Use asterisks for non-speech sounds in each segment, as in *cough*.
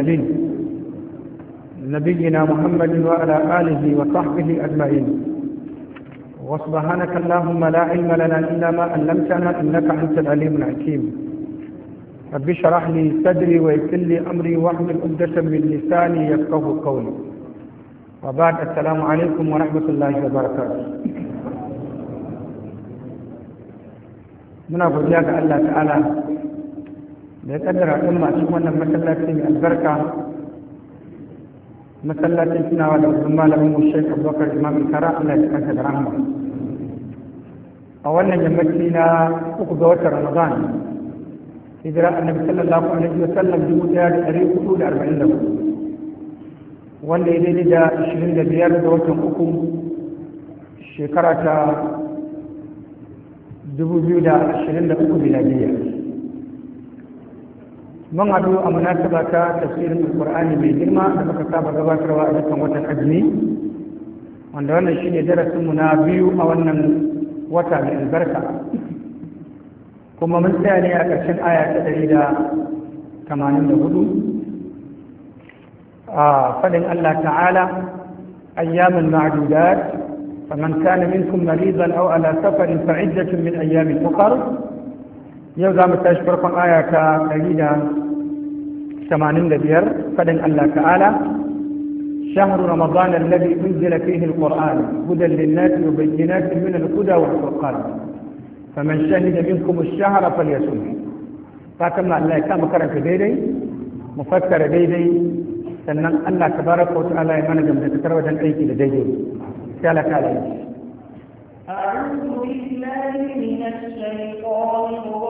المرسلين نبينا محمد وعلى آله وصحبه أجمعين وسبحانك اللهم لا علم لنا إلا ما علمتنا إنك أنت العليم الحكيم رب اشرح لي صدري ويسر لي أمري واحلل عقدة من لساني يفقه قولي وبعد السلام عليكم ورحمة الله وبركاته من أبو الله تعالى da ya kaddara al'umma cikin wannan masallaci mai albarka masallacin tunawa da wajen malamin mu shek abubakar imam kara allah ya kanka da rahama a wannan yammaci na uku ga watan ramadan hijira annabi sallallahu alaihi wa sallam dubu daya da ɗari hudu da arba'in da hudu wanda ya daidai da ashirin da biyar da watan uku shekara ta dubu biyu da ashirin da uku biyar. من عدو مناسبة تفسير القرآن من جرمة لما كتاب رواء لكم وطا الأجمي وندوانا الشيء يدرس منابيو أو أن وطا للبركة كما من ثانية أكشن آية تدريدة كما نمد هدو آه فلن الله تعالى أيام معدودات فمن كان منكم مريضا أو على سفر فعدة من أيام أخر يوزع متاشبركم آية كدليلة 85 فدن الله تعالى شهر رمضان الذي أنزل فيه القرآن هدى للناس وبينات من الهدى والفرقان فمن شهد منكم الشهر فليصوم فكما الله كما كرنت ديدي مفكر ديدي سنن الله تبارك وتعالى يمنى جمد تكروة أيدي لديدي تعالى تعالى أعوذ بالله من الشيطان الرجيم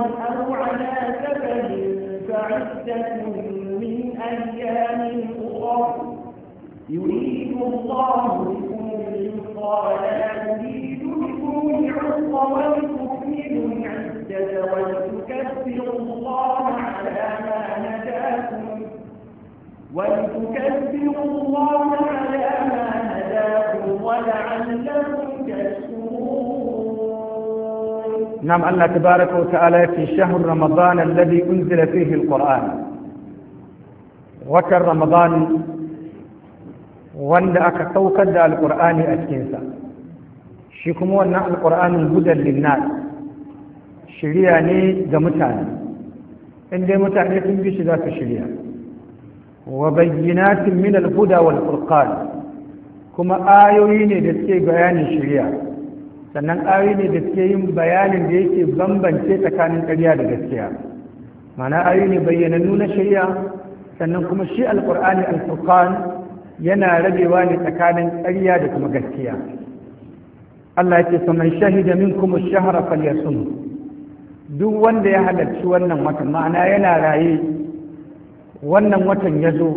أو على سبب فعدة من أيام أخر يريد الله بكم اليسر ولا يريد لكم العسر ولتكملوا العدة ولتكبر الله على ما هداكم ولتكبر الله نعم الله تبارك وتعالى في شهر رمضان الذي أنزل فيه القرآن وكان رمضان وان أكا توقد القرآن أتكنسا شكم وان القرآن هدى للناس شرياني دمتان إن دمتان متعني بشي ذات الشريعة وبينات من الهدى والفرقان كما آيوين دي بيان الشريعة sannan ayoyi ne da suke yin bayanin da yake bambance tsakanin ƙarya da gaskiya mana ayoyi ne bayyana nuna shari'a sannan kuma shi alƙur'ani alfurqan yana rabewa ne tsakanin ƙarya da kuma gaskiya Allah ya ce faman shahida minkum ash-shahra falyasum duk wanda ya halarci wannan watan ma'ana yana raye wannan watan ya zo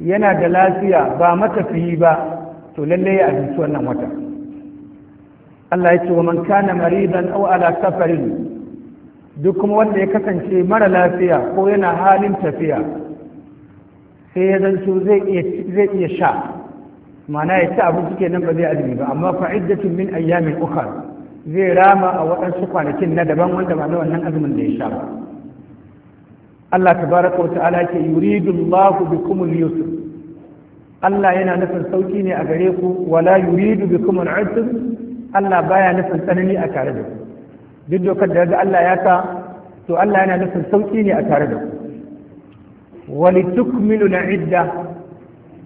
yana da lafiya ba matafiyi ba to lallai ya abinci wannan watan Allah ya ce wa man kana maridan aw ala safarin duk kuma wanda ya kasance mara lafiya ko yana halin tafiya sai ya zanto zai iya sha mana ya ci abinci kenan ba zai azumi ba amma fa iddatun min ayyamin uka. zai rama a waɗansu kwanakin na daban wanda ba na wannan azumin da ya sha ba Allah tabaraka wa ta'ala ke yuridu Allahu bikum yusr Allah yana nufin sauki ne a gare ku wala yuridu bikum al-usr Allah baya nufin tsanani a tare da ku duk dokar da Allah ya sa to Allah yana nufin sauki ne a tare da ku Wani tukminu na idda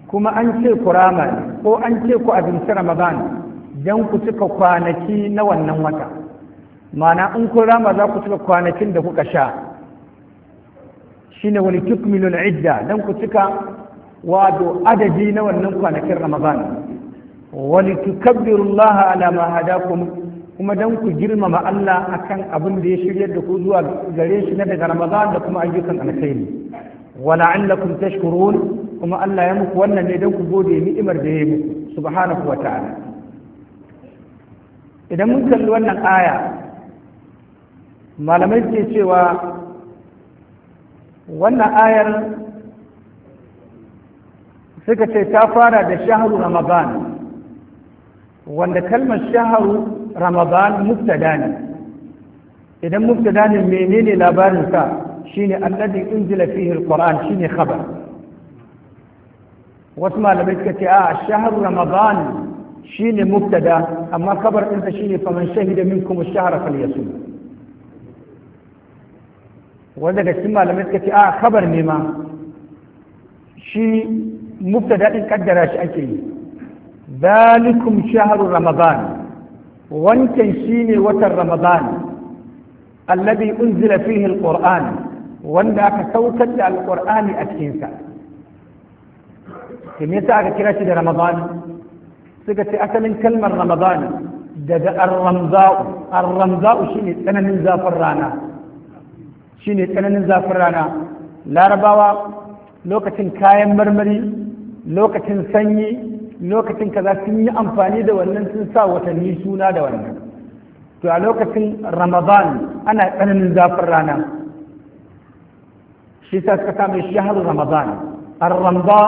kuma an ce ku rama ko an ce ku abinci ramadan don ku cika kwanaki na wannan wata mana in kun rama za ku cika kwanakin da kuka sha shine tukminu na idda don ku cika wado adadi na wannan kwanakin ramadan wani tukabbirullaha ala ma hadakum kuma don ku girmama Allah akan abin da ya shiryar da ku zuwa gare shi na daga Ramadan da kuma ayyukan alkhairi wa la'allakum tashkurun kuma Allah ya muku wannan ne don ku gode ni'imar da ya yi muku subhanahu wa ta'ala idan mun kalli wannan aya malamai ke cewa wannan ayar suka ce ta fara da shahru ramadan wanda kalmar shaharu ramadan mubtada ne idan mubtada ne menene labarin sa shine alladhi unzila fihi alquran shine khabar wasu malamai suka ce a shahar ramadan shine mubtada amma khabar din ɗinsa shine fa man shahida minkum ash-shahra falyasum wanda daga cikin malamai suka ce a khabar ne ma shi mubtada din kaddara shi ake yi zalikum shahru ramadan wancan shine watan ramadan alladhi unzila fihi alquran wanda aka saukar da Alƙur'ani a cikin sa me yasa aka kira shi da ramadan suka asalin kalmar ramadan daga ar-ramza'u ar-ramza'u shine tsananin zafin rana shine tsananin zafin rana larabawa lokacin kayan marmari lokacin sanyi lokacin kaza sun yi amfani da wannan sun sa watanni suna da wannan to a lokacin ramadan ana tsananin zafin rana shi sa suka samu shahar ramadan ar-ramda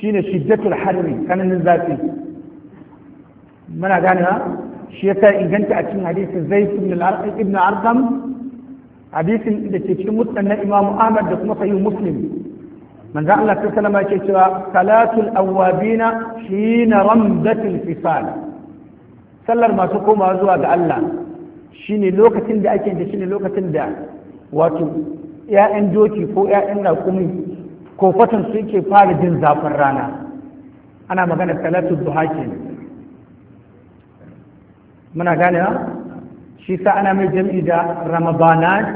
shine shiddatul harri tsananin zafi muna gane shi yasa inganta a cikin hadisin zai ibn arqam hadisin da ke cikin musnad na imamu ahmad da kuma sahih muslim manzo Allah ta sallama yake cewa salatul awabina hina ramdatul fisal sallar masu komawa zuwa ga Allah shine lokacin da ake da shine lokacin da wato ‘ya'yan doki ko ‘ya'yan raƙumi ko fatan su yake fara jin zafin rana ana magana salatu duha ke muna ganewa shi sa ana mai jam'i da ramabanat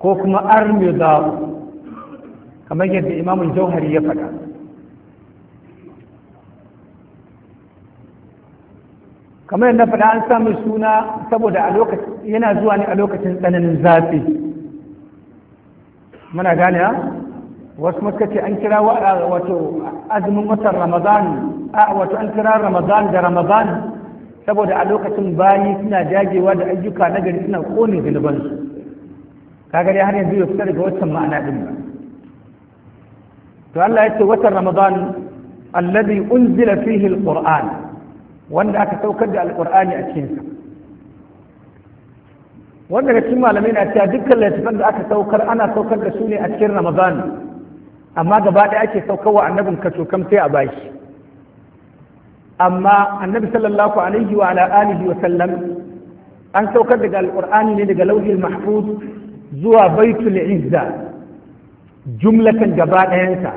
ko kuma armiyar kamar yadda imamul jauhari ya faɗa kamar yadda faɗa an sami suna saboda a lokacin yana zuwa ne a lokacin tsananin zafi muna gane wasu muka ce an kira wato azumin watan ramadan a wato an kira ramadan da ramadan saboda a lokacin bayi suna dagewa da ayyuka na gari suna kone zunubansu kaga dai har yanzu ya fita daga wancan ma'ana ɗin ba to Allah ya ce watan ramadan alladhi unzila fihi alquran wanda aka saukar da alqur'ani a cikin sa wanda daga cikin malamai na cewa dukkan littafan da aka saukar ana saukar da su ne a cikin ramadan amma gaba ɗaya ake saukarwa annabin ka kam sai a bashi amma annabi sallallahu alaihi wa ala alihi wa sallam an saukar daga alqur'ani ne daga lauhil mahfuz zuwa baitul izza jumlatan gaba ɗayansa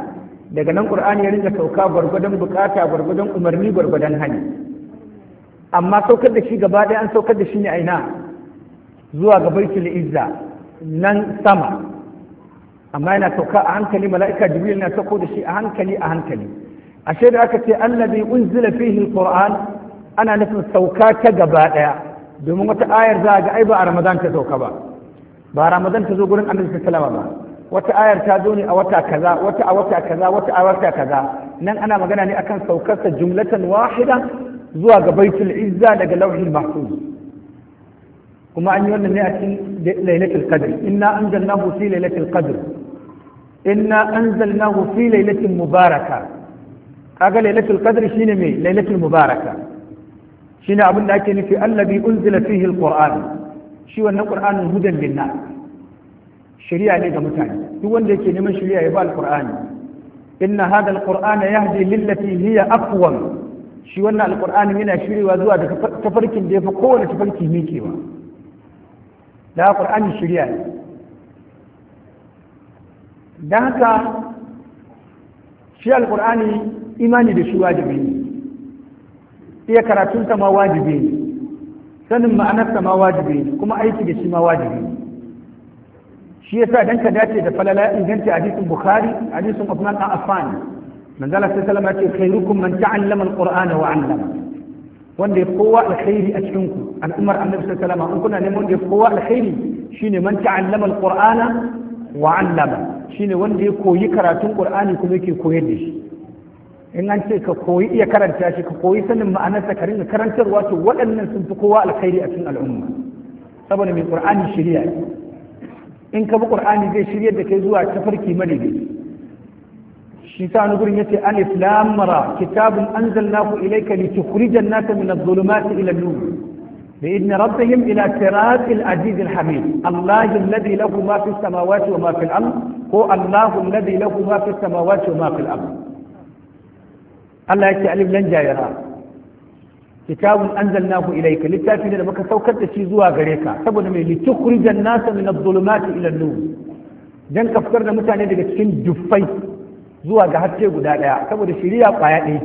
daga nan ƙur'ani ya rinka sauka gwargwadon bukata gwargwadon umarni gwargwadon hali amma saukar da shi gaba ɗaya an saukar da shi ne aina zuwa ga baitul izza nan sama amma yana sauka a hankali mala'ika jibril na sauko da shi a hankali a hankali ashe da aka ce allazi unzila fihi alquran ana nufin sauka ta gaba ɗaya domin wata ayar za a ga ai ba a ramadan ta sauka ba ba ramadan ta zo gurin annabi sallallahu alaihi wasallam ba wata ayar ta zo ne a wata kaza wata a wata kaza wata a wata kaza nan ana magana ne akan saukarsa jumlatan wahida zuwa ga baitul izza daga lauhin mahfuz kuma an yi wannan ne a cikin lailatul qadr inna anzalnahu fi lailatul qadr inna anzalnahu fi lailatin mubaraka kaga lailatul qadr shine me lailatul mubaraka shine abin da ake nufi allazi unzila fihi alquran shi wannan qur'anin hudan linnas shari'a ne ga mutane duk wanda yake neman shari'a ya ba alqur'ani inna hadha alqur'ana yahdi lillati hiya aqwam shi wannan alqur'ani yana shirewa zuwa da tafarkin da yafi kowane tafarki mikewa da alqur'ani shari'a ne dan haka shi alqur'ani imani da shi wajibi ne iya karatunsa ma wajibi ne sanin ma'anarsa ma wajibi ne kuma aiki da shi ma wajibi ne shi yasa dan danka dace da falala inganta hadisin bukhari hadisin Uthman bin Affan manzo Allah sallallahu alaihi wasallam ya ce khairukum man ta'allama al-qur'ana wa 'allama wanda ya kowa alkhairi a cikin ku al'ummar annabi sallallahu alaihi wasallam kuna wanda da kowa alkhairi shine man ta'allama al-qur'ana wa 'allama shine wanda ya koyi karatun qur'ani kuma yake koyar da shi in an ce ka koyi iya karanta shi ka koyi sanin ma'anarsa ka rinka karantarwa to waɗannan sun fi kowa alkhairi a cikin al'umma saboda mai qur'ani shari'a in ka bi qur'ani zai shirye da kai zuwa tafarki madidi shi ta wani gurin yace an islam mara kitabun anzalnahu ilayka litukhrijan nasa min adh-dhulumati ila an-nur bi idni rabbihim ila al-hamid aziz بإذن alladhi lahu ma fi as-samawati wa ma fi al-ard وما في alladhi lahu ma fi as-samawati wa ma fi al-ard allah yake ألف لن جايرا kitabun anzalnahu ilayka littafi ne da muka saukar da shi zuwa gare ka saboda mai litukhrijan nasa min adh-dhulumati ila an-nur dan ka fitar da mutane daga cikin duffai zuwa ga haske guda daya saboda shiriya kwaya ɗaya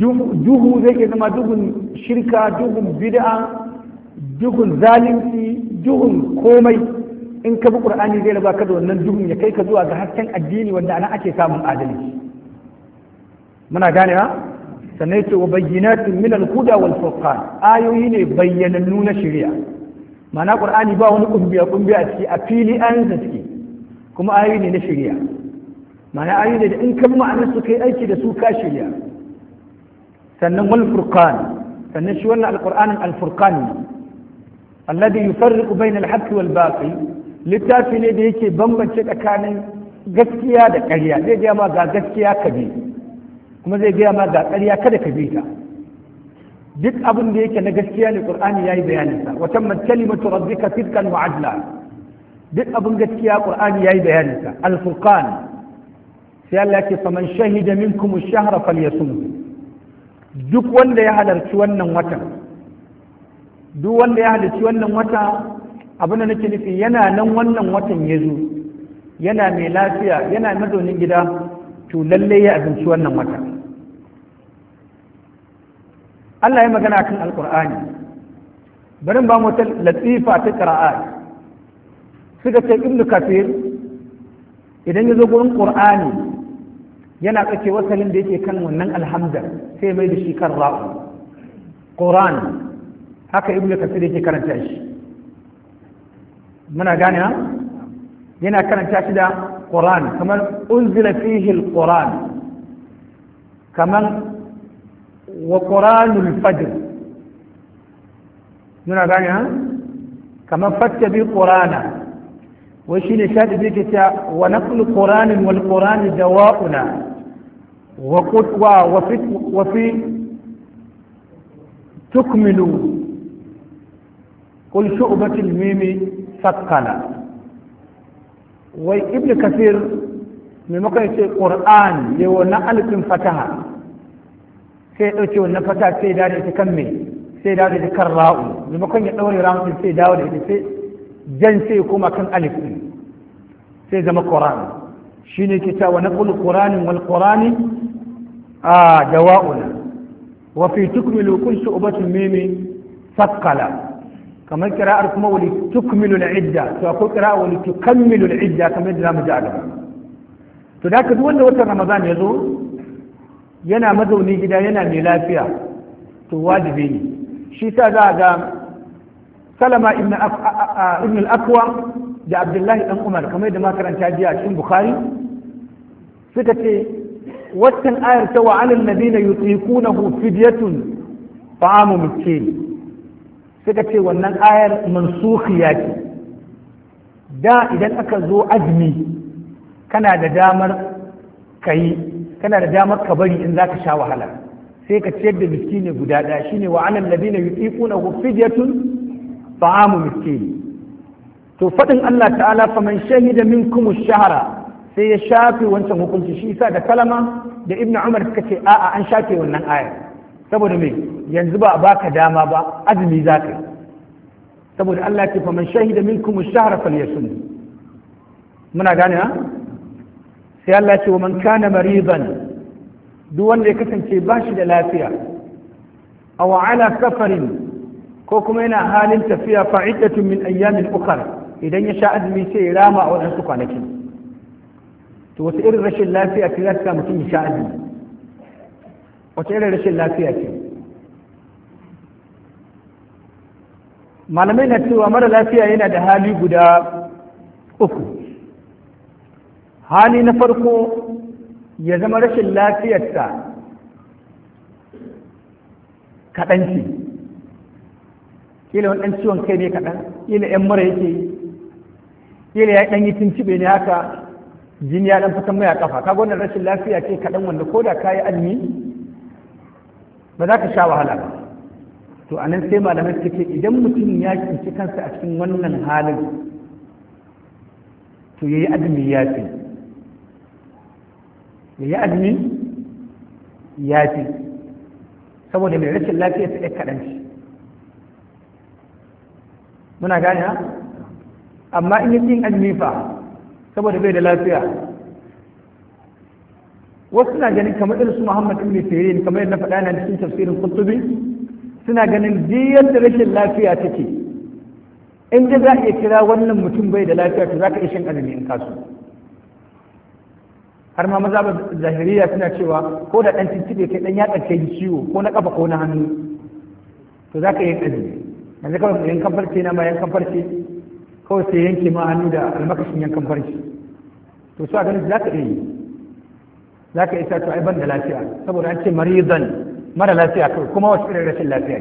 duhu zai ke zama duhun shirka duhun bid'a duhun zalunci duhun komai in ka bi qur'ani zai raba ka da wannan duhun ya kai ka zuwa ga hasken addini wanda ana ake samun adalci muna ganewa sannan ce wa bayyinatin min al-huda wal furqan ayoyi ne bayyanannu na shari'a ma'ana qur'ani ba wani kumbiya kumbiya a ciki a fili an da kuma ayoyi ne na shari'a ma'ana ayoyi ne da in kan ma'anar su kai aiki da su ka shari'a sannan wal furqan sannan shi wannan al-qur'anin al-furqan ne alladhi yufarriqu bayna al-haqqi wal batil littafi ne da yake bambance tsakanin gaskiya da ƙarya zai ga ma ga gaskiya kabi kuma zai gaya ma ga ƙarya kada ka bi ta duk abin da yake na gaskiya ne qur'ani yayi bayanin sa wa tammat kalimatu rabbika sidqan wa adla duk abin gaskiya qur'ani yayi bayanin sa al furqan sai Allah yake faman shahida minkum ash-shahra falyasum duk wanda ya halarci wannan watan duk wanda ya halarci wannan wata abin da nake nufi yana nan wannan watan ya zo yana mai lafiya yana mazaunin gida to lalle ya azumci wannan wata Allah ya magana kan alkur'ani barin ba mu latifa ta qira'a suka ce ibnu kafir idan ya zo gurin ƙur'ani, yana tsake wasalin da yake kan wannan alhamdar sai mai da shi kan ra'u qur'an haka ibnu kafir yake karanta shi muna gane yana karanta shi da القرآن كمن أنزل فيه القرآن كمن وقرآن الفجر من ها كمن فاتبي قرآنه وشين شاد بيكتا ونقل قرآن والقرآن دواؤنا وفي, وفي تكمل كل شعبة الميم سقنا wai ibn kasir maimakon ce ƙur'an ya wannan alifin fataha sai ya ɗauke wannan fataha sai ya dawo da ita kan mai sai dawo da ita kan ra'u maimakon ya ɗaure ra'u sai dawo da ita sai jan sai kuma kan alifin sai zama ƙur'an shi ne ke cewa na ƙulu ƙur'anin wal ƙur'ani a dawa'una wa fi tukmilu kun su mimi sakkala kamar kira'ar kuma wani tukmilu al-idda to akwai kira'a wani tukammilu idda kamar yadda zamu ji a gaba to da haka wanda watan ramadan ya zo yana mazauni gida yana mai lafiya to wajibi ne shi sa za ga salama ibn al-akwa da abdullahi dan umar kamar yadda makaranta jiya a cikin bukhari suka ce watan ayar ta wa alal ladina yutiqunahu fidyatun ta'amu miskin suka ce wannan ayar mansukhiya ce da idan aka zo azumi kana da damar ka yi kana da damar ka bari in zaka sha wahala sai ka ciyar da miskini guda ɗaya shine wa alal ladina yutiquna fidyatun ta'amu miskini to faɗin Allah ta'ala faman shahida minkum shahara sai ya shafe wancan hukunci shi yasa da kalama da ibnu umar suka ce a'a an shafe wannan ayar saboda me yanzu ba baka dama ba azumi za ka yi saboda Allah ke fa man shahida minkum ash-shahra falyasum muna gane ha sai Allah ce wa man kana maridan duk wanda ya kasance ba shi da lafiya aw ala safarin ko kuma yana halin tafiya fa iddatun min ayyamin ukhra idan ya sha azumi sai ya rama a wadansu kwanaki to wasu irin rashin lafiya ce za ta mutum ya sha azumi wata irin rashin lafiya ce malamai na cewa mara lafiya yana da hali guda uku hali na farko ya zama rashin lafiyarsa kaɗanci kila wani ɗan ciwon kai ne kaɗan kila ‘yan mura yake kila ya ɗan yi tuncibe ne haka jini ya ɗan fitan mai a ƙafa kaga wannan rashin lafiya ce kaɗan wanda ko da ka yi almi ba za ka sha wahala ba to a nan sai malamai suka ce idan mutum ya kinci kansa a cikin wannan halin to ya yi azumi ya fi ya yi azumi ya fi saboda mai rashin lafiya ta ɗaya kaɗan shi muna gane amma in yi yin azumi fa saboda bai da lafiya wasu na ganin kamar irin su Muhammad ibn Sirin kamar yadda faɗa na cikin tafsirin Qutubi suna ganin diyar da rashin lafiya take in da za iya kira wannan mutum bai da lafiya to zaka iya shan azumi in kasu har ma maza ba zahiriya suna cewa ko da dan tintibe kai dan ya tsarke ciwo ko na kafa ko na hannu to zaka iya azumi yanzu kawai yankan farce na ma yankan farce kawai sai yanke ma hannu da almakashin yankan farce to su a ganin za ka iya yi za ka isa to ai ban da lafiya saboda an ce maridan mara lafiya kawai kuma wasu irin rashin lafiya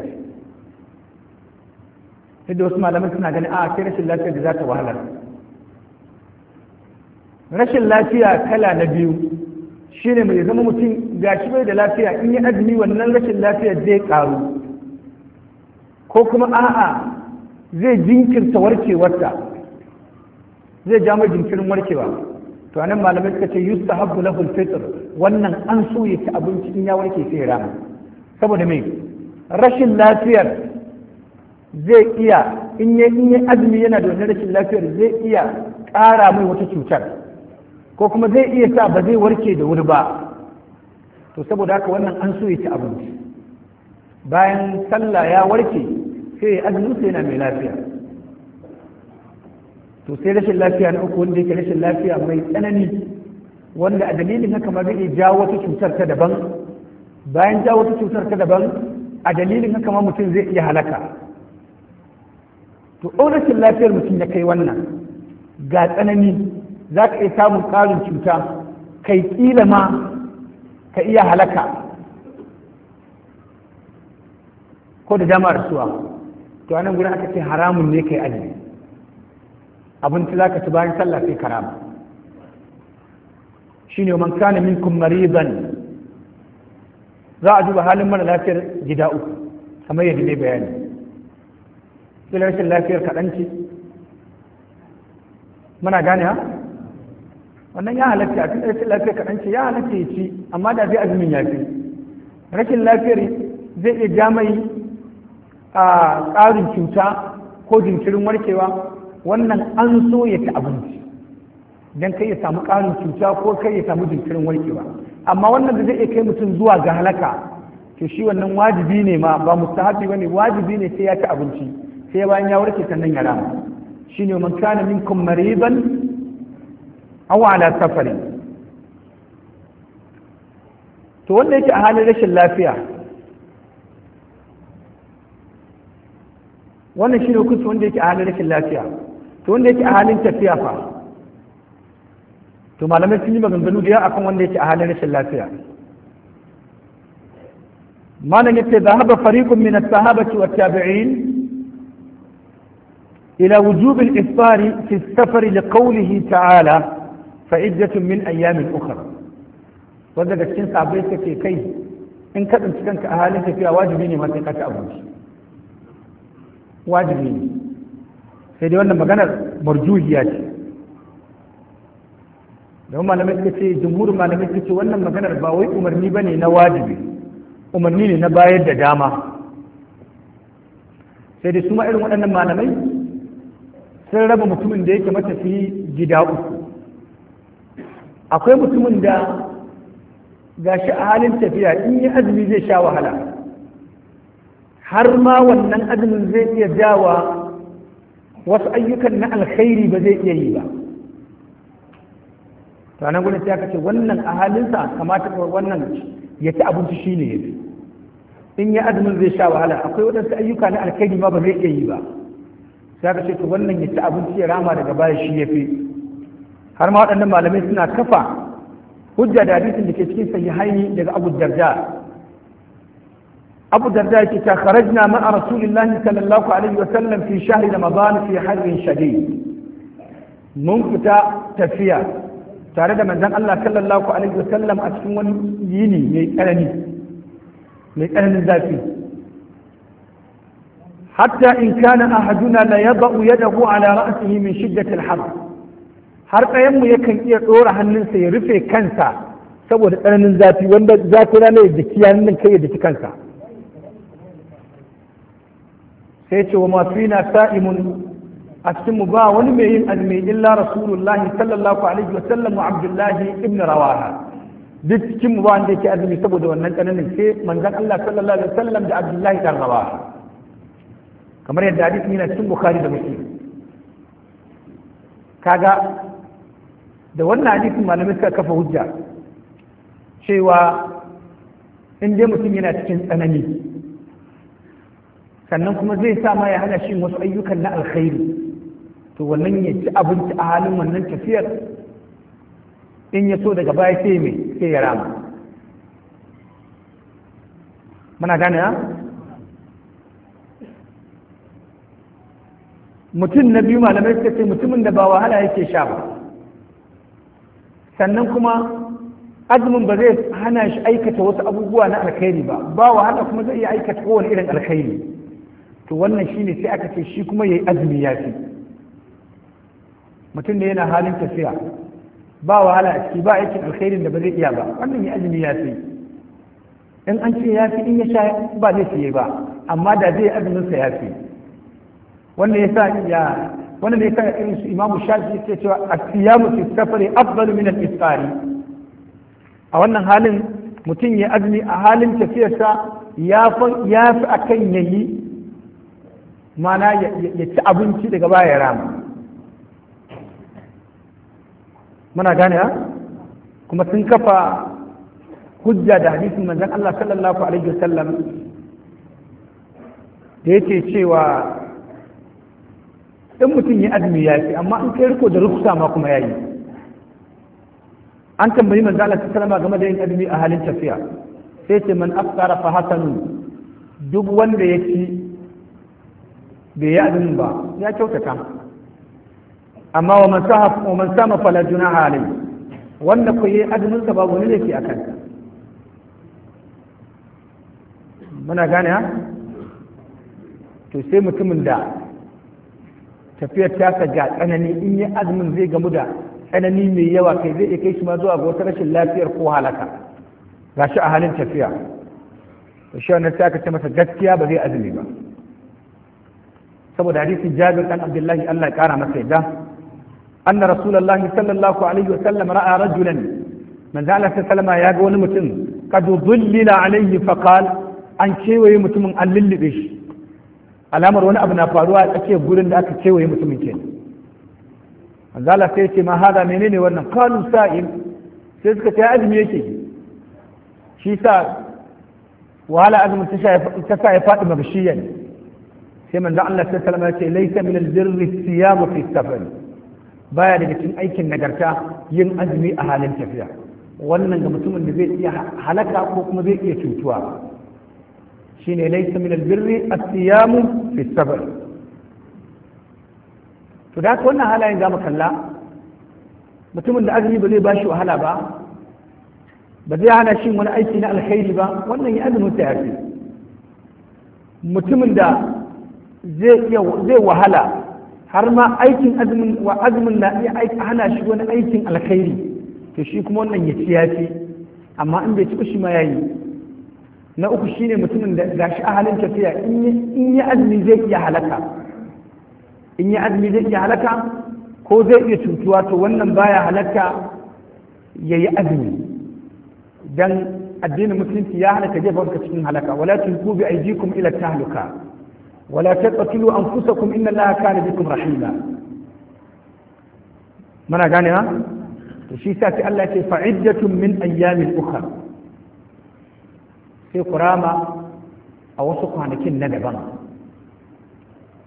ce yadda wasu malamai suna ganin a sai rashin lafiya da za ta wahalar rashin lafiya kala na biyu shine mai zama mutum ga shi bai da lafiya in yi azumi wannan rashin lafiya zai karu ko kuma a'a zai jinkirta warkewarta zai ja jinkirin warkewa to anan malamai suka ce yusta habbu lahul wannan an soye ta abinci in ya warke sai rama saboda me rashin lafiyar zai iya in ya in azumi yana da wani rashin lafiyar zai iya ƙara mai wata cutar ko kuma zai iya sa ba zai warke da wuri ba to saboda haka wannan an soye ta abinci bayan sallah ya warke sai azumi sai yana mai lafiya to sai rashin lafiya na uku wanda yake rashin lafiya mai tsanani wanda a dalilin haka ma zai ja wata cutar ta daban bayan ja wata cutar ta daban a dalilin haka ma mutum zai iya halaka to rashin lafiyar mutum ya kai wannan ga tsanani za ka iya samun ƙarin cuta kai ƙila ma ka iya halaka ko da jama'ar suwa to anan gudan aka ce haramun ne kai ajiye abinci za ka ci bayan sallah sai karama shine man kana minkum maridan za a duba halin mara lafiyar gida uku kamar yadda ne bayani kila rashin lafiyar kaɗan ce muna gane ha wannan ya halatta a cikin rashin lafiyar kaɗan ce ya halatta ya ci amma da zai azumin ya fi rashin lafiyar zai iya ja a ƙarin cuta ko jinkirin warkewa wannan an so ya ci abinci don kai ya samu ƙarin cuta ko kai ya samu jinkirin warkewa amma wannan da zai iya kai mutum zuwa ga halaka to shi wannan wajibi ne ma ba mustahabi bane wajibi ne sai ya ci abinci sai bayan ya warke sannan ya rama shine man kana minkum mariban aw ala safari to wanda yake a halin rashin lafiya wannan shine kusa wanda yake a halin rashin lafiya to wanda yake a halin tafiya fa to malamai sun yi maganganu da yawa akan wanda yake a halin rashin lafiya malam yace zahaba fariqun min as-sahabati wa tabi'in إلى وجوب الإفطار في السفر لقوله تعالى فعدة من أيام أخرى wanda da cikin sabai suke kai in ka tsinci kanka a halin tafiya wajibi ne masu ka abinci wajibi ne sai dai wannan maganar marjuhiya ce don malamai suka ce jumhur malamai suka ce wannan maganar ba wai umarni ba ne na wajibi umarni ne na bayar da dama sai da su ma irin waɗannan malamai sun raba mutumin da yake matafi gida uku akwai mutumin da gashi a halin tafiya in yi azumi zai sha wahala har ma wannan azumin zai iya jawa wasu ayyukan na alkhairi ba zai iya yi ba to anan gurin ya aka wannan a halinsa kamata wannan ya ci abinci shine ya fi in ya azumin zai sha wahala akwai waɗansu ayyuka na alkhairi ma ba zai iya yi ba sai aka ce to wannan ya ci abinci ya rama daga baya shi ya fi har ma waɗannan malamai suna kafa hujja da hadisin da ke cikin sahihaini daga Abu Darda أبو الدرداء خرجنا مع رسول الله صلى الله عليه وسلم في شهر رمضان fi حر shadi. Mun fita tafiya. tare da manzan Allah sallallahu alaihi wasallam a cikin wani yini mai tsanani mai tsananin zafi hatta in kana ahaduna la yadau yadahu ala ra'sihi min shiddati al-har har ɗayan mu yakan iya ɗora hannunsa ya rufe kansa saboda tsananin zafi wanda zafi na ya jiki yanin kai ya jiki kansa sai ce wa masu yana sa'imun a cikin mu ba wani mai yin azumi illa rasulullahi sallallahu alaihi wa sallam wa abdullahi ibn rawaha duk cikin mu ba wanda yake azumi saboda wannan kananin sai manzon Allah sallallahu alaihi wa sallam da abdullahi dan rawaha kamar yadda hadisi yana cikin bukhari da muslim kaga da wannan hadisin malamai suka kafa hujja cewa in dai mutum yana cikin tsanani sannan kuma zai sa ma ya hana shi wasu ayyukan na alkhairi to wannan ya ci abinci a halin wannan tafiyar in ya so daga baya sai mai sai ya rama muna gane ya mutum na biyu malamai suka ce mutumin da ba wahala yake sha ba sannan kuma azumin ba zai hana shi aikata wasu abubuwa na alkhairi ba ba wahala kuma zai iya aikata kowane irin alkhairi to wannan shine sai aka ce shi kuma yayi azumi ya fi mutum da yana halin tafiya ba wahala a ciki ba aikin alkhairin da ba zai iya ba wannan ya azumi ya fi in an ce ya fi in ya sha ba zai fiye ba amma da zai azumin sa ya fi wannan yasa ya wannan sa irin su imamu shafi ce cewa asiyamu fi safari afdalu min al-ifṭari a wannan halin mutum ya azumi a halin tafiyarsa ya fi ya fi akan yayi mana ya ci abinci daga baya ya rama muna gane ha kuma sun kafa hujja da hadisin manzon Allah sallallahu alaihi wasallam da yake cewa in mutum ya azumi ya fi amma an kai riko da rukusa ma kuma yayi an tambayi manzon Allah sallallahu alaihi game da yin azumi a halin tafiya sai ce man afkara fa hasanu duk wanda ya ci bai yi azumin ba ya kyautata amma wa man sahaf wa man sama fala junaha alai wanda ku yi azumin ka babu ne ke akan muna gane ha to sai mutumin da tafiyar ta ga tsanani in yi azumin zai gamu da tsanani mai yawa kai zai iya kai shi ma zuwa ga wata rashin lafiyar ko halaka gashi a halin tafiya to shi wannan sai aka ce masa gaskiya ba zai azumi ba saboda hadisin jabir dan abdullahi Allah ya kara masa yadda anna rasulullahi sallallahu alaihi wasallam ra'a rajulan manzo Allah sallama ya ga wani mutum kad dhullila alaihi faqal an kewaye mutumin an lullube shi alamar wani abu na faruwa a tsakiyar gurin da aka kewaye mutumin ke manzo Allah sai ce ma hada wannan qalu sa'im sai suka ce azumi yake shi sa wahala azumin ta sa ya faɗi mabshiyan sai manzo Allah sallallahu alaihi ya ce baya daga cikin aikin nagarta yin azumi a halin tafiya wannan ga mutumin da zai iya halaka ko kuma zai iya cutuwa shine laysa min albirri as-siyamu fi sabr to da wannan halayen zamu kalla mutumin da azumi ba zai bashi wahala ba ba zai hana shi wani aiki na alkhairi ba wannan ya azumin ta yafi mutumin da zai zai wahala har ma aikin azumin wa azumin na iya hana shi wani aikin alkhairi to shi kuma wannan ya ci ya amma in bai ci ma yayi na uku shine mutumin da gashi a halin tafiya in ya azumi zai iya halaka in ya azumi zai iya halaka ko zai iya cutuwa to wannan baya halaka ya yi azumi dan addinin musulunci ya halaka jefa cikin halaka wala tunku bi aijikum ila tahluka ولا تقتلوا أنفسكم إن الله كان بكم رحيما منا غاني ها شي ساتي الله يقول فعدة من أيام أخرى في قرامة أو سقوانا كن ما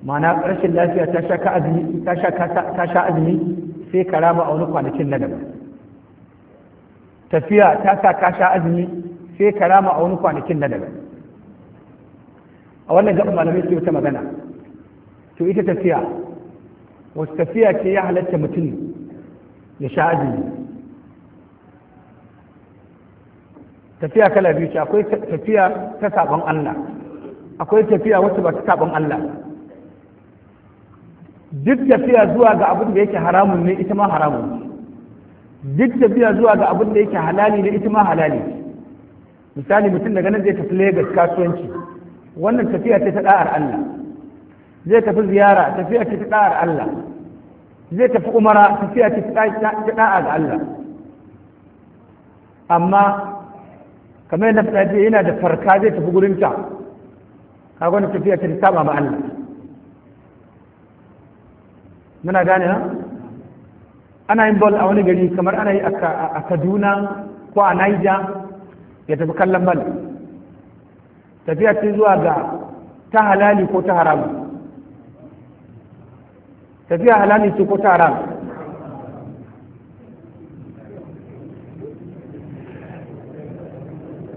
معنى رشي الله فيها تشا كأذني تشا تشا أذني في كرامة أو نقوانا كن ندبا تفيا تشاك تشا أذني في كرامة أو نقوانا كن ندبا a wannan gaban malamai su wata magana to ita tafiya wasu tafiya ce ya halatta mutum ya sha ajiye tafiya kala biyu ce akwai tafiya ta sabon Allah akwai tafiya wasu ba ta sabon Allah duk tafiya zuwa ga abin da yake haramun ne ita ma haramun duk tafiya zuwa ga abin da yake halali ne ita ma halali misali mutum daga nan zai tafi Lagos kasuwanci wannan tafiya ce ta da'ar Allah zai tafi ziyara tafiya ce ta da'ar Allah zai tafi umara tafiya ce ta da'ar Allah amma kamar yadda fada ce yana da farka zai tafi gurin ta kaga wannan tafiya ce ta saba ma Allah muna gane ha ana yin bal a wani gari kamar ana yi a Kaduna ko a Niger ya tafi kallon bal. tafiya ce zuwa ga ta halali ko ta haram tafiya halali ce ko ta haram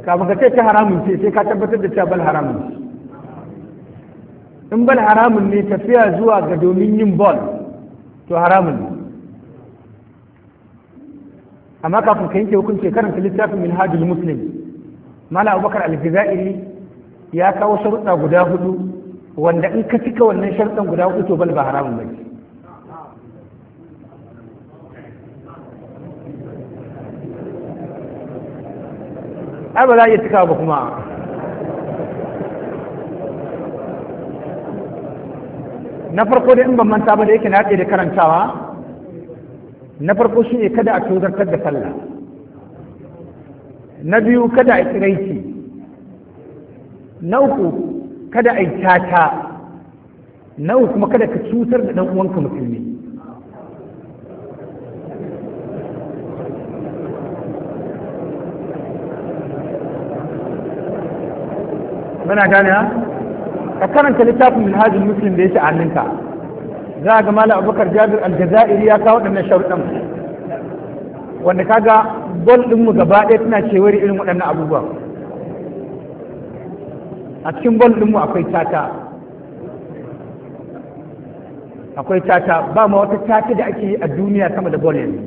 kafin ka ce ta haramun ce sai ka tabbatar da cewa bal haramun in bal haramun ne tafiya zuwa ga domin yin bol to haramun amma kafin ka yanke hukunci karanta littafin minhajul muslim mala abubakar al-jazairi ya kawo sharuɗa guda hudu wanda in ka cika wannan sharuɗan guda hudu to bal ba haramun ba ai ba za a iya cika ba kuma na farko da in ban manta ba da yake na haɗe da karantawa na farko shi ne kada a tozartar da sallah na biyu kada a tsiraici na uku kada a yi tata na kuma kada ka cutar da ɗan uwanka musulmi mana gane ha ka karanta littafin minhajin muslim da yake aminka za a ga malam abubakar jabir aljazairi ya kawo waɗannan sharuɗan wanda kaga gol ɗinmu gaba ɗaya tana cewar irin waɗannan abubuwa a cikin bol mu akwai tata akwai tata ba ma wata tata da ake yi a duniya sama da bol yanzu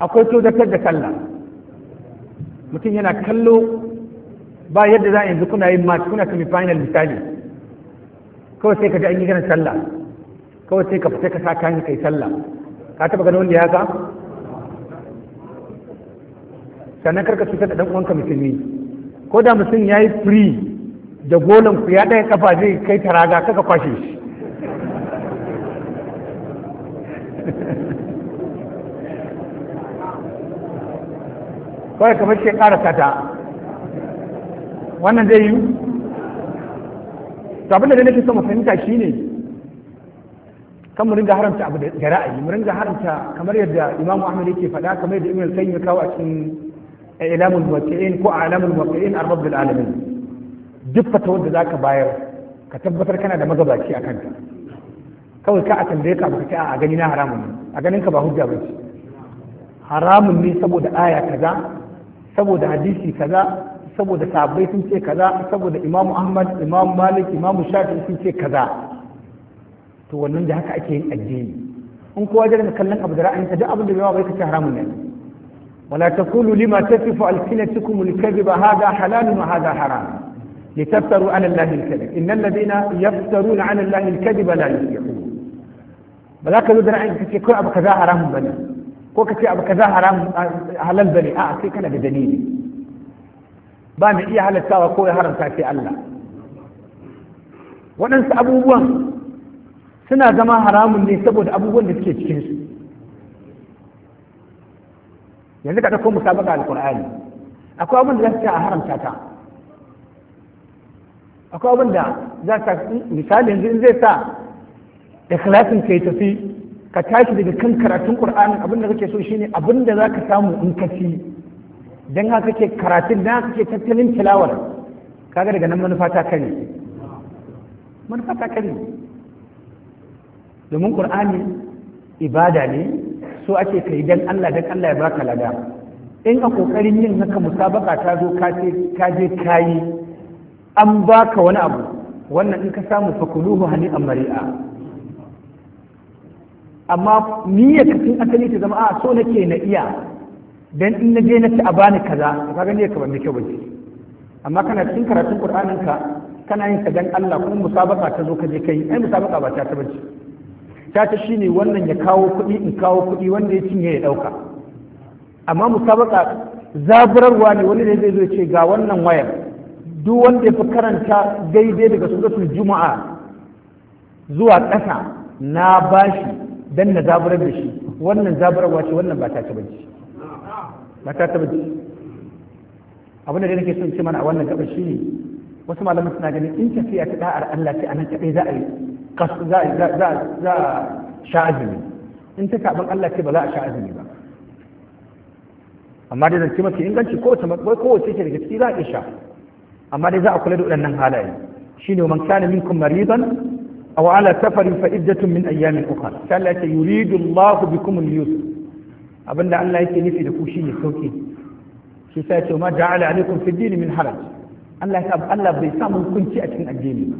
akwai tozatar da kalla mutum yana kallo ba yadda za a yanzu kuna yin match kuna semi final misali kawai sai ka ji an yi ganin sallah kawai sai ka fita ka sa kayan kai sallah ka taba ganin wanda ya ga sannan karka cutar da dan uwanka musulmi ko da mutum ya yi firi da golan ku ya ɗaya kafa zai kai taraga kaka kwashe shi *laughs* kawai kamar shi ƙara sata wannan zai yi abin da nake son mu fahimta shine kan mu ringa haramta abu da ra'ayi mu ringa haramta kamar yadda imamu Ahmad yake faɗa kamar yadda Ibn Qayyim ya kawo a cikin ilamul muwaqqi'in ko alamul muwaqqi'in ar rabbil alamin duk fatawar da zaka bayar ka tabbatar kana da magabaci a kanta kawai ka a tambaye ka baka a gani na haramun ne a ganin ka ba hujja ba haramun ne saboda aya kaza saboda hadisi kaza saboda sahabbai sun ce kaza saboda imamu ahmad imamu malik imamu shafi sun ce kaza to wannan da haka ake yin addini in kowa jirgin kallon abu da ra'ayinsa duk abin da bai bai ce haramun ne ولا تقولوا لما تصف ألسنتكم الكذب هذا حلال وهذا حرام لتفتروا على الله الكذب إن الذين يفترون على الله الكذب لا يفلحون بلاك لو درعين كتكون أبو كذا حرام بني كو أبو كذا حرام على البني آه كي كان بدليل بان إيا حال التاوى كوي حرام تاكي الله وننسى أبو بوان سنة زمان حرام اللي سبود أبو اللي لكي تشيسو yanzu ka ɗauko musabaka alƙur'ani akwai abin da za su a haramta ta akwai abin da za su misali yanzu in zai sa ikhlasin ka tafi ka tashi daga kan karatun qur'anin abin da kake so shine abin da za ka samu in ka ci dan haka kake karatun dan haka kake tattalin tilawar kaga daga nan manufa ta kare manufa ta kare domin qur'ani ibada ne so ake kai dan Allah dan Allah ya baka lada in a kokarin yin haka musabaka ta zo ka je kayi an baka wani abu wannan in ka samu fakuluhu hani a amma niyyar ka tun asali ta zama a ah, so nake na iya dan in na je na ci a bani kaza ka ga niyyar ka ban kyau bace amma kana cikin karatun qur'aninka ka kana yin ka dan Allah kuma musabaka ta zo ka je kai ai musabaka ba ta ta bace shi shine wannan ya kawo kuɗi in kawo kuɗi wanda ya cinye ya ɗauka amma musabaka zaburarwa ne wani ne zai zo ce ga wannan wayar duk wanda ya fi karanta daidai daga suratul juma'a zuwa ƙasa na bashi dan na zaburar da shi wannan zaburarwa ce wannan ba ta caca ji ba ta caca ji abin da nake son ce mana a wannan gaba shine wasu malaman suna ganin in tafiya ta da'ar Allah ce a nan kaɗai za a yi za a sha azumi in ta saɓan Allah ce ba za a sha azumi ba amma dai zance mafi inganci kowace kowace ce daga ciki za a sha amma dai za a kula da waɗannan halaye shine man kana minkum maridan aw ala safarin fa iddatun min ayyamin ukhra sai Allah ya yuridu Allah bikum al-yusr abinda Allah yake nufi da ku shine sauki shi sai ya ce ma ja'ala alaikum fid din min haraj Allah ya Allah bai samu kunci a cikin addini ba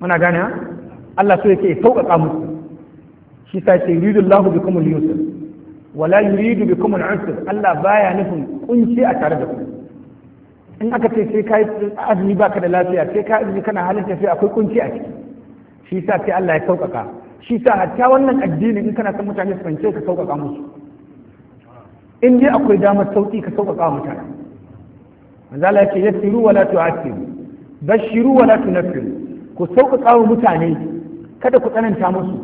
muna gane Allah so yake sauƙaƙa musu shi sa ce yuridu Allah bi kumul yusr wala yuridu bi kumul usr Allah baya nufin kunci a tare da ku in aka ce sai kai azumi baka da lafiya sai ka azumi kana halin tafiya akwai kunci a ciki shi sa sai Allah ya sauƙaƙa shi sa hatta wannan addini in kana son mutane su fahimce ka sauƙaƙa musu in dai akwai damar sauƙi ka sauƙaƙa mutane manzala yake yassiru wala tu'assiru bashiru wala tunaffiru ku sauƙaƙa wa mutane kada ku tsananta musu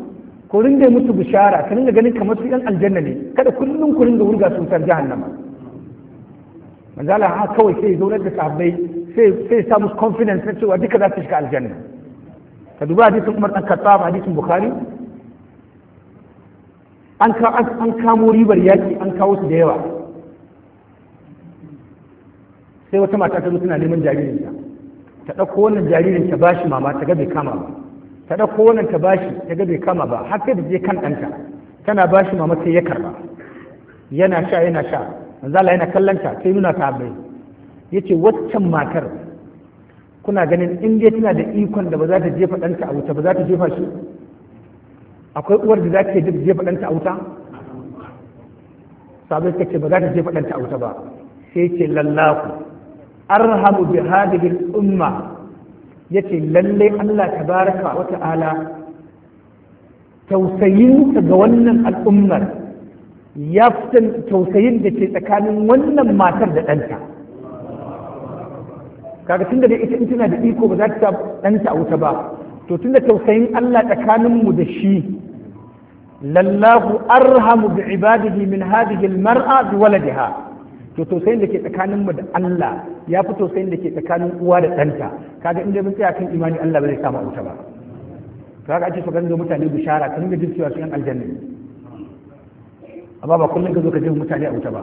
ku ringa musu bishara ka ringa ganin kamar su ɗan aljanna ne kada kullum ku ringa wurga su wutar jahannama manzala ha kawai sai zaunar da sahabbai sai sai sa musu confidence na cewa duka za su shiga aljanna ka duba hadisin Umar dan Khattab hadisin Bukhari an an kamo ribar yaki an kawo su da yawa sai wata mata ta zo tana neman jaririnta ta ɗauko wannan jaririn ta bashi mama ta ga bai kama ba ta ɗauko wannan ta bashi ta ga bai kama ba har sai da je kan ɗanta tana bashi mama sai ya karba yana sha yana sha manzala yana kallanta sai nuna ta bai yace waccan matar kuna ganin in dai tana da ikon da ba za ta jefa ɗanta a wuta ba za ta jefa shi akwai uwar da za ta jefa ɗanta a wuta sabai suka ce ba za ta jefa ɗanta a wuta ba sai ce lallaku arhamu bi hadhihi umma yace lalle Allah tabaraka wa ta'ala tausayin ga wannan al'ummar ya fitan tausayin da ke tsakanin wannan matar da ɗanta kaga tunda da ita tana da iko ba za ta ɗanta a wuta ba to tunda tausayin Allah tsakaninmu da shi lallahu arhamu bi ibadihi min hadhihi al-mar'a bi waladiha to tausayin da ke tsakanin mu da Allah ya fi tausayin da ke tsakanin uwa da ɗanta kaga inda mun tsaya kan imani Allah ba zai samu auta ba to haka ake so ganin mutane bishara kan ga jin cewa yan aljanna amma ba kullum ka zo ka ji mutane a wuta ba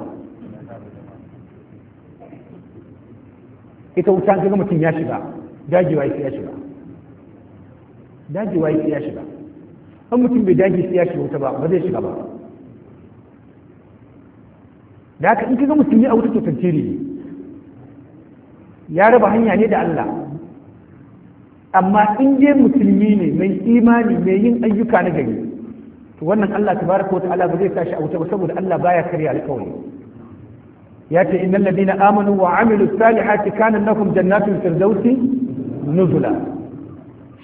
ita wuta ga mutum ya shiga dajewa ya shiga dajewa ya shiga an mutum bai dage sai ya shiga wuta ba ba zai shiga ba da haka in kaga musulmi a wuta to tantiri ne ya raba hanya ne da Allah amma in je musulmi ne mai imani mai yin ayyuka na gari to wannan Allah tabaraka wa ta'ala ba zai tashi a wuta ba saboda Allah baya karya alƙawari ya ce innal ladina amanu wa amilus salihati kana lahum jannatul firdausi nuzula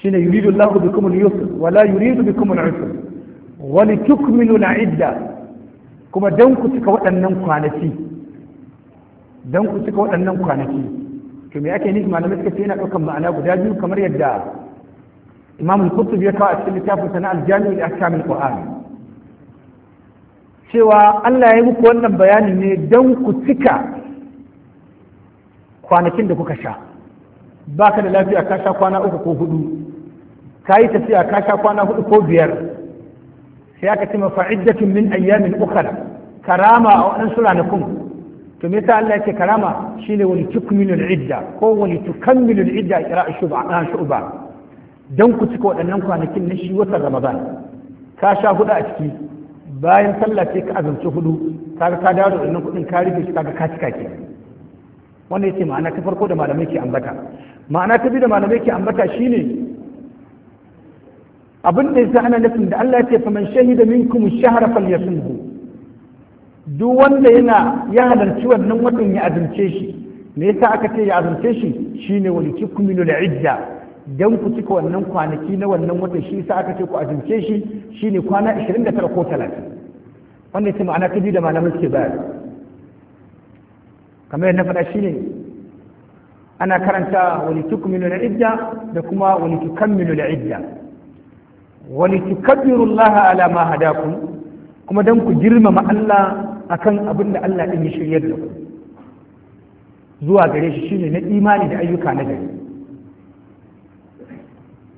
shine yuridu Allahu bikum al-yusr wa la yuridu bikum al-usr wa litukmilu al-idda kuma don ku cika waɗannan kwanaki don ku cika waɗannan kwanaki to me ake nufi malamai suka ce yana ɗaukar ma'ana guda biyu kamar yadda imam al ya kawo a cikin littafin sana al da aka al ƙwa'ani cewa Allah ya yi muku wannan bayani ne don ku cika kwanakin da kuka sha Ba ka da lafiya ka sha kwana uku ko hudu ka yi tafiya ka sha kwana hudu ko biyar sai aka ce fa'iddatun min ayyamin ukhra karama a waɗansu ranakun to me yasa Allah yake karama shine wani tukminul idda ko wani tukammilul idda ira shuba shuba dan ku cika waɗannan kwanakin na shi watan Ramadan ka sha hudu a ciki bayan sallah sai ka azumci hudu kaga ka dawo da wannan kudin ka rufe shi kaga ka cika ke wannan yace ma'ana ta farko da malamai ke ambata ma'ana ta biyu da malamai ke ambata shine abin da yasa ana nufin da Allah ya ce faman shahida minkum shahra falyasumhu duk wanda yana ya halarci wannan watan ya azumce shi me yasa aka ce ya azumce shi shine wani kikuminul idda dan ku cika wannan kwanaki na wannan watan shi yasa aka ce ku azumce shi shine kwana 29 ko 30 wannan ce ma'ana kaji da malamin ke bayar kamar yadda faɗa shine ana karanta wani kikuminul idda da kuma wani kikuminul idda wani tukabbirullaha ala ma hadakum kuma dan ku girmama Allah akan abin da Allah din ya shiryar da ku zuwa gare shi shine na imani da ayyuka na gari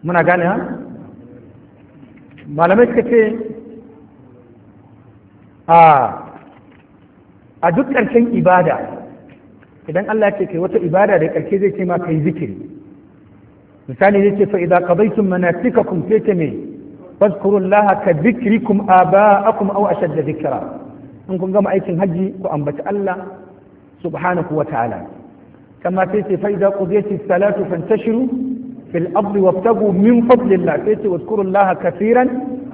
muna gane ha malamai suka ce a a duk ƙarshen ibada idan Allah ce kai wata ibada da ƙarshe zai ce ma kai zikiri misali zai ce fa idza qadaytum manasikakum sai ce me fadkuru Allah ka zikrikum aba'akum aw ashadda zikra in kun gama aikin haji ku ambaci Allah subhanahu wa ta'ala kama sai ce fa idza qudiyati salatu fantashiru fil ardi wabtagu min fadlillah sai ce wadkuru Allah kaseeran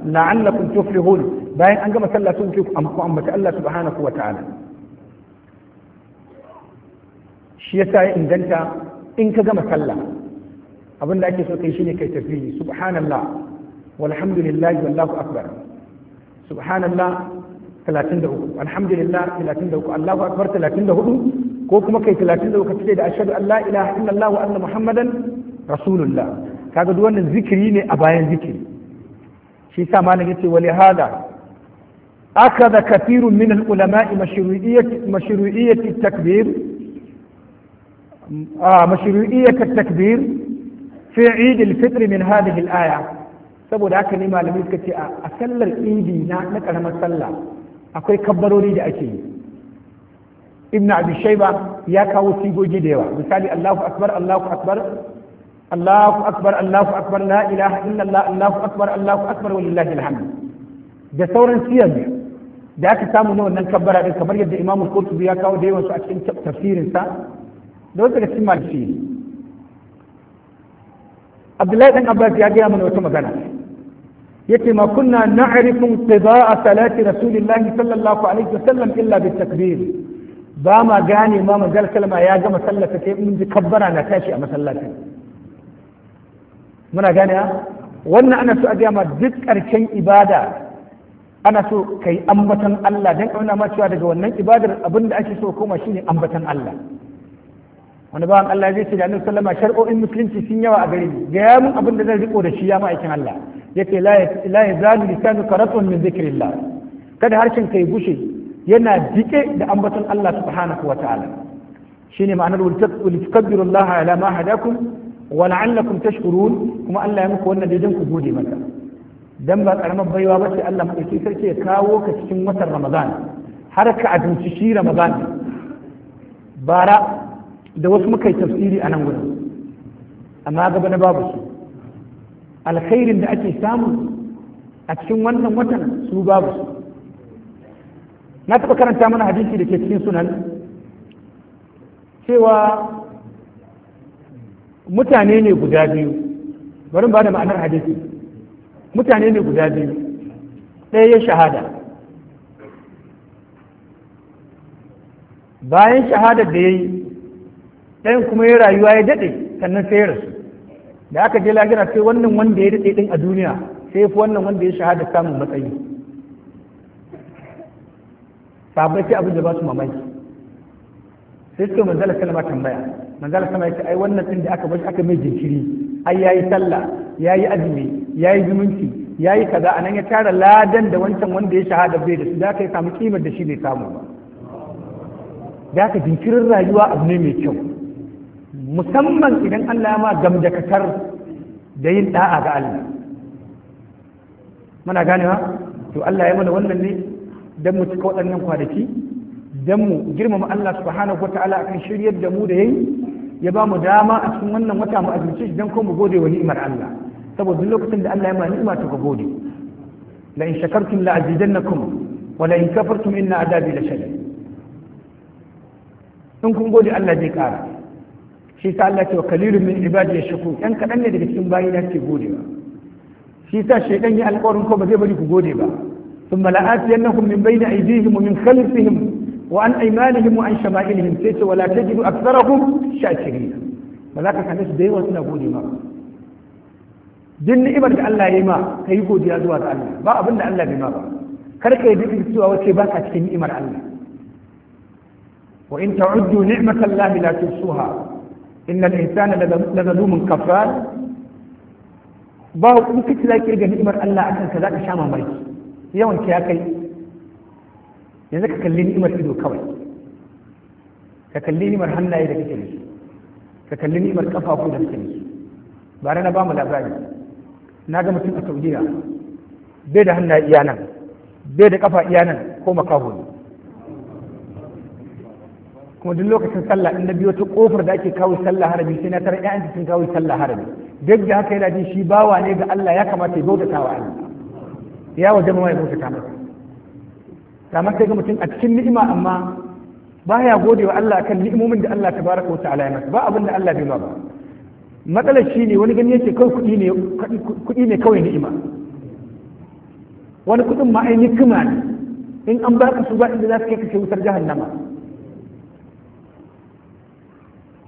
la'allakum tuflihun bayan an gama sallah sun ku ambaci Allah ta'ala shi yasa ya inganta in ka gama sallah abin da ake so kai shine kai tafi subhanallah والحمد لله والله أكبر سبحان الله 33 alhamdulillah 33 Allahu akbar 34 ko kuma kai 33 ka fice da ashhadu an la ilaha illallah wa anna muhammadan rasulullah kaga duk wannan zikiri ne a bayan zikiri shi sa malam yace wa lihada akada kathirun min al-ulama'i mashru'iyyat mashru'iyyat at-takbir mashru'iyyat at-takbir fi 'id al-fitr min hadhihi al-aya saboda haka ne malamai suka ce a sallar idi na na karamar sallah akwai kabbarori da ake yi ibn abi shayba ya kawo sigogi da yawa misali allahu akbar allahu akbar allahu akbar allahu akbar la ilaha illallah allahu akbar allahu akbar walillahi alhamd da sauran siyar da aka samu na wannan kabbara din kamar yadda imamu qurtubi ya kawo da yawan su a cikin tafsirin sa da wasu daga cikin malfi Abdullahi dan Abbas ya gaya mana wata magana يتي ما كنا نعرف انقضاء صلاة رسول الله صلى الله عليه وسلم الا بالتكبير باما جاني ماما قال كلمه يا جماعه سلك كيف من كبر انا تاشي اما سلك منا جاني ها وانا انا سو اديما ذكر كان إبادة. انا سو كي امبتن الله دان انا ما شو هذا وانا إبادة ابن اشي سو كوما شيء امبتن الله wani bawan Allah zai ce da annabi sallama shar'o'in musulunci sun yawa a gare أبن ga ya mun abin da zan riko da shi ya ma'aikin Allah yace la yazalu lisanuka ratun min zikrillah kada harshen kai bushe yana dike da ambaton Allah subhanahu wa ta'ala shine ma'anar walitakabbiru Allah ala ma hadakum wa la'allakum tashkurun kuma Allah ya muku wannan daidan ku gode maka dan ba karamar baiwa ba ce Allah madauki sarki ya kawo ka cikin watan Ramadan har ka adunci shi Ramadan bara da wasu muka yi tafsiri a nan gudu amma gaba na babu su alkhairin da ake samu a cikin wannan watan su babu su na taɓa karanta mana hadisi da ke cikin sunan cewa mutane ne guda biyu bari ba da ma'anar hadisi mutane ne guda biyu ɗaya ya shahada bayan shahadar da ya yi ɗayan kuma ya rayuwa ya daɗe sannan sai ya rasu da aka je lahira sai wannan wanda ya daɗe ɗin a duniya sai fi wannan wanda ya shahada samun matsayi sabai sai abin da ba su mamaki sai suka manzala ma tambaya manzala sallama ya ce ai wannan ɗin da aka bashi aka mai jinkiri ai ya yi sallah yi azumi ya yi zumunci ya yi kaza anan ya tara ladan da wancan wanda ya shahada bai da su da aka yi samu kimar da shi bai samu ba da aka jinkirin rayuwa abu ne mai kyau musamman idan Allah ma gamjakatar da yin da'a ga Allah muna ganewa to Allah ya mana wannan ne dan mu cika waɗannan kwanaki dan mu girmama Allah subhanahu wataala akan shiryar da mu da yayi ya ba mu dama a cikin wannan wata mu azumce shi dan ko mu gode wa ni'imar Allah saboda lokacin da Allah ya ma ni'ima to ka gode la in shakartum la azidannakum wa la in kafartum inna adabi la shadid in kun gode Allah zai kara shi sa Allah ce wa kalilun min ibadi ya shaku yan kaɗan ne daga cikin bayi na ke gode ba shi sa shaidan ya alƙawarin ko ba zai bari ku gode ba min ثم wa من بين أيديهم ومن خلفهم وعن أيمانهم وعن شمائلهم سيت ولا ba za ka ملاك su da yawa suna gode ma duk ni'imar da Allah ya yi ma ka kai godiya zuwa ga Allah ba abin da Allah bai ma ba kar ka yi duk cewa wace ba ka cikin ni'imar Allah wa in ta'uddu ni'matallahi la tuhsuha Inna innal insana lazalumun kafar ba ku kace za ki riga ni'imar Allah akan ka za ka sha mamaki yawan ki ya kai yanzu ka kalli ni'imar ido kawai ka kalli ni'imar hannaye da kake ka kalli ni'imar kafafu da kake da bare na ba mu labari na ga mutum a Saudiya bai da hannaye iya nan bai da kafa iya nan ko makaho ne kuma duk lokacin sallah inda biyo ta kofar da ake kawo sallah harami sai na tara ƴaƴan sun kawo sallah harami duk da haka yana jin shi bawa ne ga Allah ya kamata ya bauta wa Allah ya waje ma ya bautata masa kamar sai ga mutum a cikin ni'ima amma baya gode wa Allah kan ni'imomin da Allah tabaraka baraka ta'ala ya masa ba abin da Allah bai ma ba matsalar shi ne wani gani yake kawai kuɗi ne kuɗi ne kawai ni'ima wani kuɗin ma ai nikima ne in an baka su ba inda za su kai ka wutar jahannama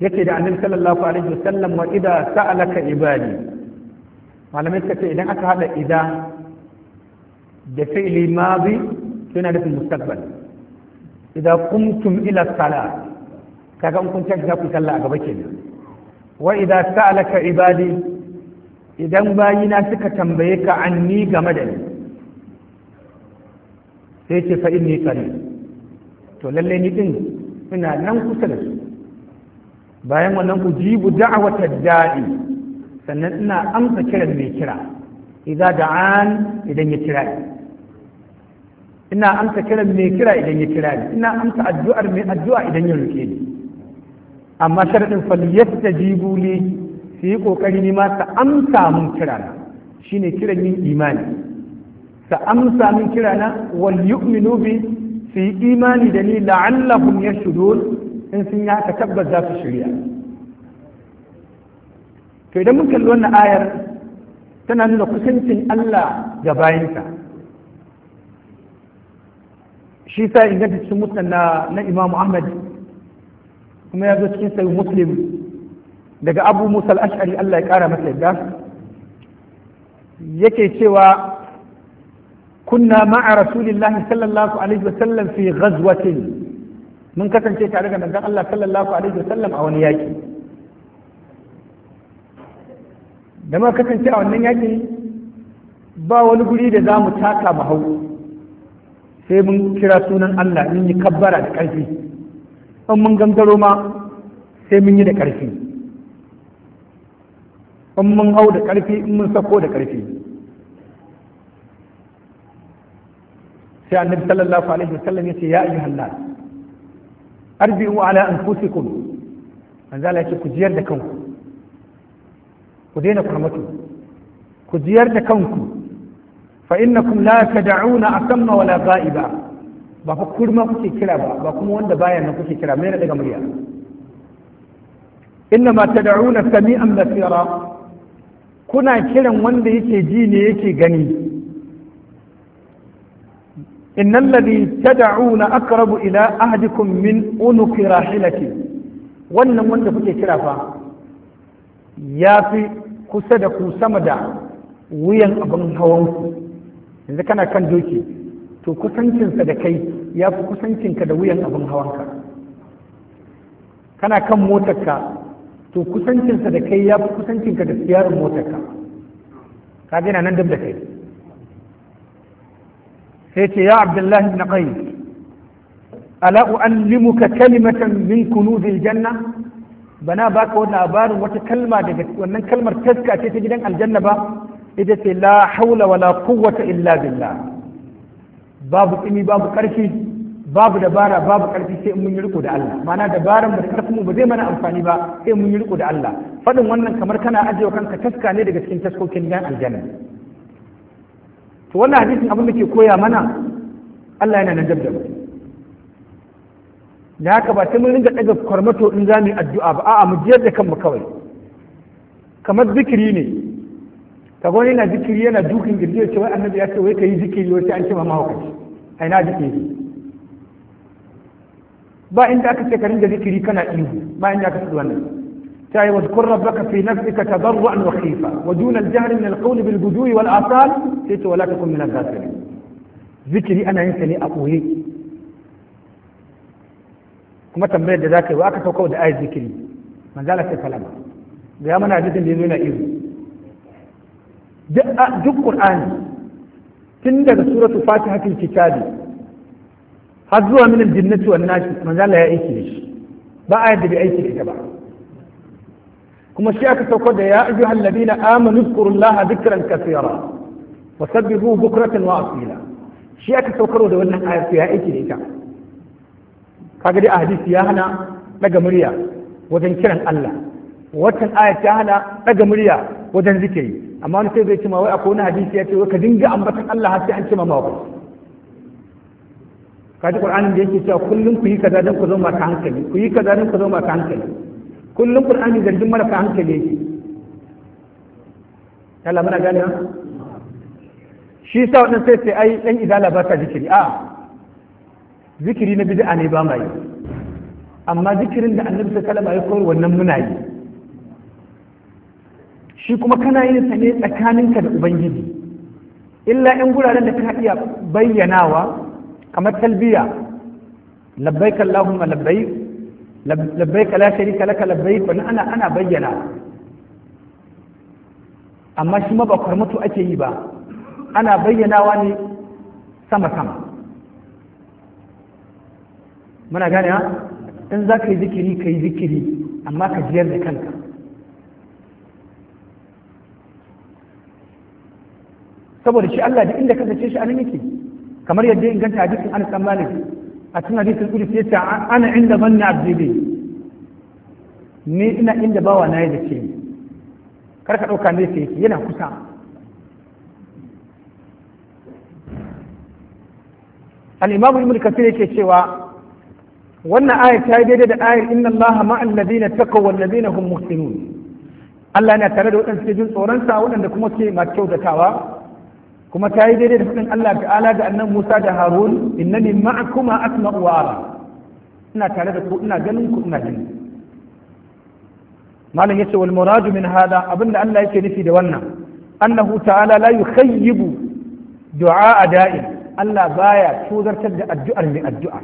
yake da annabi sallallahu alaihi wasallam wa idza sa'alaka ibadi malamai suka ce idan aka hada idza da fi'li madi to yana nufin mustaqbal idza qumtum ila salat kaga kun tashi za ku sallah a gaba kenan wa idza sa'alaka ibadi idan bayina suka tambaye ka anni game da ni sai ce fa inni qarib to lalle ni din ina nan kusa da su bayan wannan ujibu da'wata da'i sannan ina amsa kiran mai kira idan da'an idan ya kira ina amsa kiran mai kira idan ya kira ina amsa addu'ar mai addu'a idan ya roke ni amma sharadin falyastajibu li su yi kokari ne ma su amsa mun kira na shine kiran yin imani su amsa mun kira na wal yu'minu bi su yi imani da ni la'allahum yashudun in sun yi haka tabbas za su shirya to idan mun kalli wannan ayar tana nuna kusancin Allah ga bayansa shi sa inganta cikin musnan na, na Ahmad kuma ya zo cikin sayi Muslim daga Abu Musa al-Ash'ari Allah ya kara masa yadda yake cewa kunna ma'a rasulillahi sallallahu alaihi wasallam fi ghazwatin mun kasance tare da manzon Allah sallallahu alaihi wasallam a wani yaki da muka kasance a wannan yaki ba wani guri da za mu taka mu hau sai mun kira sunan Allah mun yi kabbara da ƙarfi in mun gangaro ma sai mun yi da ƙarfi in mun hau da ƙarfi in mun sako da ƙarfi sai annabi sallallahu alaihi wasallam ya ce ya ayyuhan nas arbi'u ala anfusikum manzo Allah yake ku jiyar da kanku ku daina kurmatu ku jiyar da kanku fa innakum la tad'una asamma wala ghaiba ba fa kurma kuke kira ba ba kuma wanda baya nan kuke kira mai daga murya inna ma tad'una sami'an basira kuna kiran wanda yake ji ne yake gani Innan إن الذي تدعون أقرب إلى أحدكم من أنك راحلته wannan wanda kuke kirafa fa ya fi kusa da ku sama da wuyan abin hawanku yanzu kana kan doki to kusancinsa da kai ya fi kusancinka da wuyan abin hawanka kana kan motarka to kusancinsa da kai ya fi kusancinka da siyarin motarka ka gina nan dab da kai sai ce ya abdullahi ibn alau ala uallimuka kalimatan min kunuzil janna bana baka wani labarin wata kalma daga wannan kalmar taska ce ta gidan aljanna ba ita ce la haula la quwwata illa billah babu tsimi babu karfi babu dabara babu karfi sai mun yi riko da Allah ma'ana dabaran mu da karfin mu ba zai mana amfani ba sai mun yi riko da Allah fadin wannan kamar kana ajiye kanka taska ne daga cikin taskokin gidan aljanna to wannan hadisin abin da ke koya mana Allah yana nan dabda da haka ba sai mun ringa daga kwarmato in za mu yi addu'a ba a'a mu jiyar da kanmu kawai kamar zikiri ne ka wani yana zikiri yana dukin girgi ya ce wai annabi ya ce wai ka yi zikiri wai an ce ma mahaukaci a ina zikiri ba inda aka ce ka ringa zikiri kana ihu ba inda aka ce wannan تعي واذكر ربك في نفسك تضرعا وخيفا ودون الجهل من القول بالبدو والآثار تيت ولا تكن من الغافلين ذكري أنا أنت لي أقوي كما تنبيه ذاك وأكا توقعوا دعاية ذكري من ذلك فلما يا من عزيزين إيوه. دون إذن دق قرآن تندى سورة فاتحة الكتاب حظوها من الجنة والناس من ذلك يا إيكي ليش بقى يدري أي كتابة kuma shi aka sauko da ya ayyuha alladhina amanu zkurullaha dhikran kathira wa sabbihu bukratan wa asila shi aka saukar da wannan ayar ya aiki da ita kaga dai a hadisi ya hana daga murya wajen kiran Allah watan ayar ta hana daga murya wajen zikiri amma wani sai zai ce ma wai akwai wani hadisi ya ce wai ka dinga ambatan Allah har sai an ce ma ma kaji qur'anin da yake cewa kullum ku yi kaza dan ku zo ma hankali ku yi kaza dan ku zo ma hankali kullum qur'ani zargin marasa hankali yake Allah muna gani shi sa wannan sai sai ai dan izala ba ka zikiri a zikiri na bid'a ne ba mai amma zikirin da annabi ta alaihi ya ya wannan muna yi shi kuma kana yin sa ne tsakaninka da ubangiji illa in guraren da kana iya bayyanawa kamar talbiya labbaik allahumma labbaik labbai ka la sharika laka labbai wannan ana ana bayyana amma shi mabakar mutu ake yi ba ana bayyanawa ne sama sama muna gane ha in za ka yi zikiri ka yi zikiri amma ka jiyar da kanka saboda shi Allah duk inda ka zace shi anan yake kamar yadda inganta hadisin an bin Malik a cikin hadisi kudus ya ce ana inda manna abdi ni ina inda bawa na yi da ke kar ka ɗauka nesa yake yana kusa al'imamu ibn kasir yake cewa wannan ayar ta yi daidai da ayar inna allaha ma'al ladina taqaw wal ladina hum muhsinun Allah yana tare da waɗanda suke jin tsoronsa waɗanda kuma suke masu kyautatawa kuma ta yi daidai da faɗin Allah ta'ala da annan Musa da Harun innani ma'akuma asma'u wa ara ina tare da ku ina ganin ku ina ganin malam yace wal muradu min hada abinda Allah yake nufi da wannan annahu ta'ala la yukhayyibu du'a da'in Allah baya tuzartar da addu'ar mai addu'a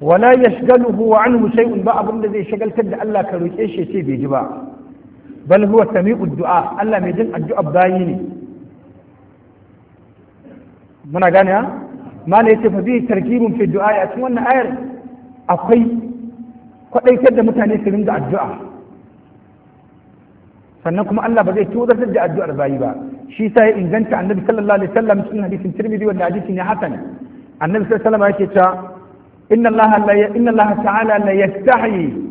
wala yashghaluhu anhu shay'un ba da zai shagaltar da Allah ka roke shi ce bai ji ba bal huwa sami'ud du'a Allah mai jin addu'a bayi ne muna gane ha mala yace fa zai tarkibun fi du'a a cikin wannan ayar akwai kwadaitar da mutane su ringa addu'a sannan kuma Allah ba zai tozartar da addu'ar bayi ba shi sa ya inganta annabi sallallahu alaihi wasallam cikin hadisin tirmidhi wanda hadisi ne hasan annabi sallallahu alaihi wasallam yake cewa inna Allah la inna Allah ta'ala la yastahi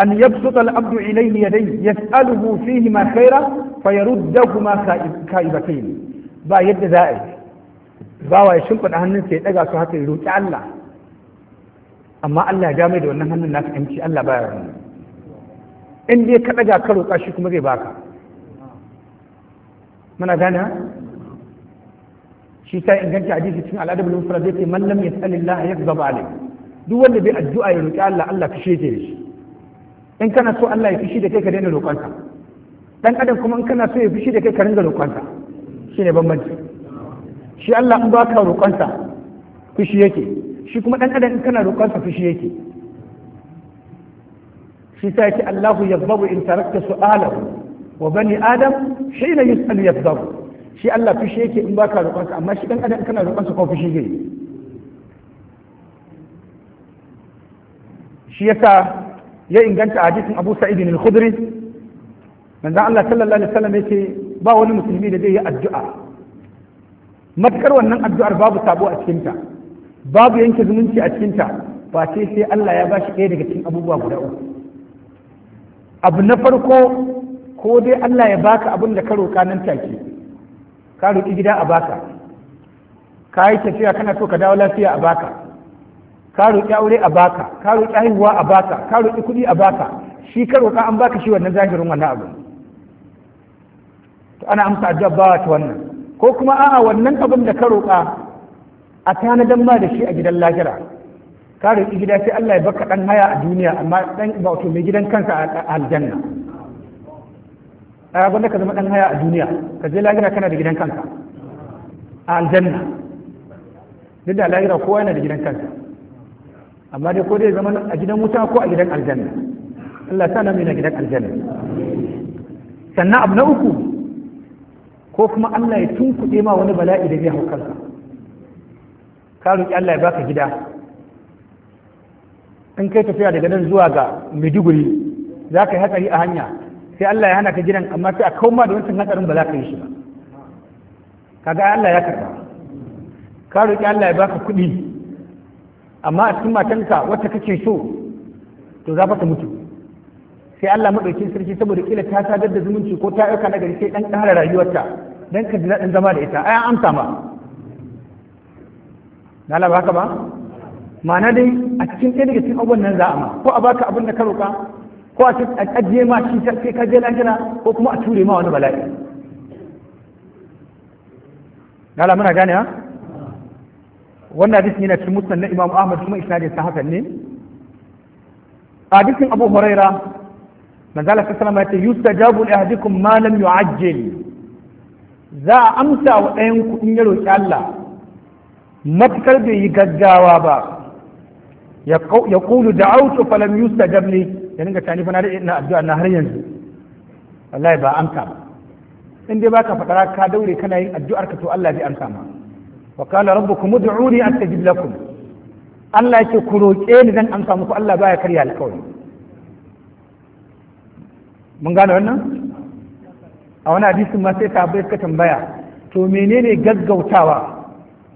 أن يبسط العبد إليه يديه يسأله فيهما خيرا فيردهما كائبتين با يد ذائب bawa ya shimfiɗa hannunsa ya ɗaga su haka ya roƙi Allah amma Allah ya ja mai da wannan hannun naka yanci Allah baya wannan in dai ka ɗaga ka roƙa shi kuma zai baka muna gane shi ta inganta hadisi cikin al'adab al-mufrad yake man lam yas'alillah yakzab alayh duk wanda bai addu'a ya roƙi Allah Allah fishe ke shi in kana so Allah ya fishi da kai ka daina roƙonka dan adam kuma in kana so ya fishi da kai ka ringa roƙonsa shine bambanci shi Allah in ba ka roƙonsa fushi yake shi kuma ɗan adam in kana roƙonsa fushi yake shi ta yake Allahu yazbabu in tarakta su'alahu wa bani adam hina yus'alu yazbabu shi Allah fushi yake in ba ka roƙonsa amma shi ɗan adam in kana roƙonsa ko fushi yake shi yasa ya inganta hadisin Abu Sa'id al-Khudri manzo Allah sallallahu alaihi wasallam yake ba wani musulmi da zai yi addu'a matakar wannan addu'ar babu sabo a cikinta babu yanke zumunci a cikinta ba sai sai Allah ya bashi ɗaya daga cikin abubuwa guda uku abu na farko ko dai Allah ya baka abin da ka roƙa nan take ka roƙi gida a baka ka yi tafiya kana so ka dawo lafiya a baka ka roƙi aure a baka ka roƙi haihuwa a baka ka roƙi kuɗi a baka shi ka roƙa an baka shi wannan zahirin wannan abu to ana amsa addu'a ba ta wannan ko kuma a'a wannan abin da ka roƙa a tanadan ma da shi a gidan lahira ka roƙi gida sai Allah ya baka ɗan haya a duniya amma ɗan wato mai gidan kansa a aljanna a gwanda ka zama ɗan haya a duniya ka je lahira kana da gidan kanka a aljanna duk da lahira kowa yana da gidan kansa amma dai ko dai zama a gidan wuta ko a gidan aljanna Allah ya sa na gidan aljanna sannan abu na uku ko kuma Allah ya tunkuɗe ma wani bala'i da zai hau ka roƙi Allah ya baka gida in kai tafiya daga nan zuwa ga Maiduguri za ka yi hatsari a hanya sai Allah ya hana ka gidan amma sai a kauma da wancan hatsarin ba za ka yi shi ba kaga Allah ya karɓa ka roƙi Allah ya baka kuɗi amma a cikin matanka wacce kake so to za ta mutu sai Allah madaukin sarki saboda kila ta sadar da zumunci ko ta aika nagari sai ɗan ƙara rayuwarta don ka ji daɗin zama da ita a ya amsa ma na laba haka ba ma'ana dai a cikin ɗaya daga cikin abubuwan nan za a ma ko a baka abin da ka roƙa ko a ajiye ma shi sai ka je gina ko kuma a ture ma wani bala'i na laba muna gane ha wannan hadisi yana cikin musnad na Imam Ahmad kuma isnadin ta hakan ne a hadisin Abu Huraira manzala sallallahu alaihi wasallam ya ce yustajabu li ahadikum ma lam yu'ajjil za a amsa wa ɗayan kuɗin ya roƙi Allah matuƙar bai yi gaggawa ba ya kulu da auto falam yusta jamli ya dinga tani fana na daɗe na addu'a na har yanzu wallahi ba amsa ba in dai baka fatara ka daure kana yin addu'ar ka to Allah bai amsa ma wa qala rabbukum ud'uni astajib lakum Allah yake ku roƙe ni zan amsa muku Allah baya karya alƙawari mun gane wannan a wani hadisin ma sai bai suka tambaya to menene gaggautawa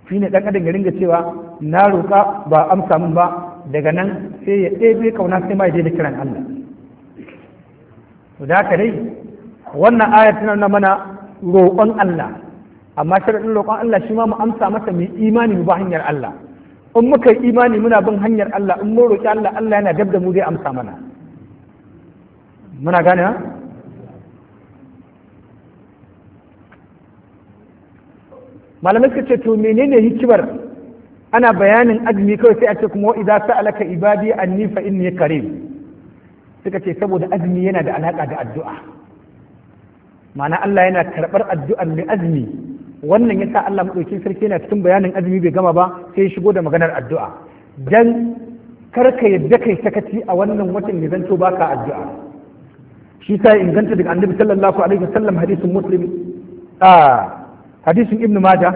shine ɗan adam ya ringa cewa na roƙa ba amsa min ba daga nan sai ya ɗebe kauna sai ma ya daidai kiran Allah to da haka dai wannan ayar tana nuna mana roƙon Allah amma sharaɗin roƙon Allah shi ma mu amsa masa mu imani mu ba hanyar Allah in muka yi imani muna bin hanyar Allah in mun roƙi Allah Allah yana dab da mu zai amsa mana muna gane malamai suka ce to menene hikimar ana bayanin azumi kawai sai a ce kuma idza sa'alaka ibadi anni fa inni karim suka ce saboda azumi yana da alaka da addu'a ma'ana Allah yana karbar addu'ar mai azumi wannan yasa Allah madaukakin sarki yana cikin bayanin azumi bai gama ba sai ya shigo da maganar addu'a dan kar ka yadda kai sakaci a wannan watan ne zanto baka addu'a shi sai inganta daga annabi sallallahu alaihi wasallam hadisin muslim ah hadisin ibnu majah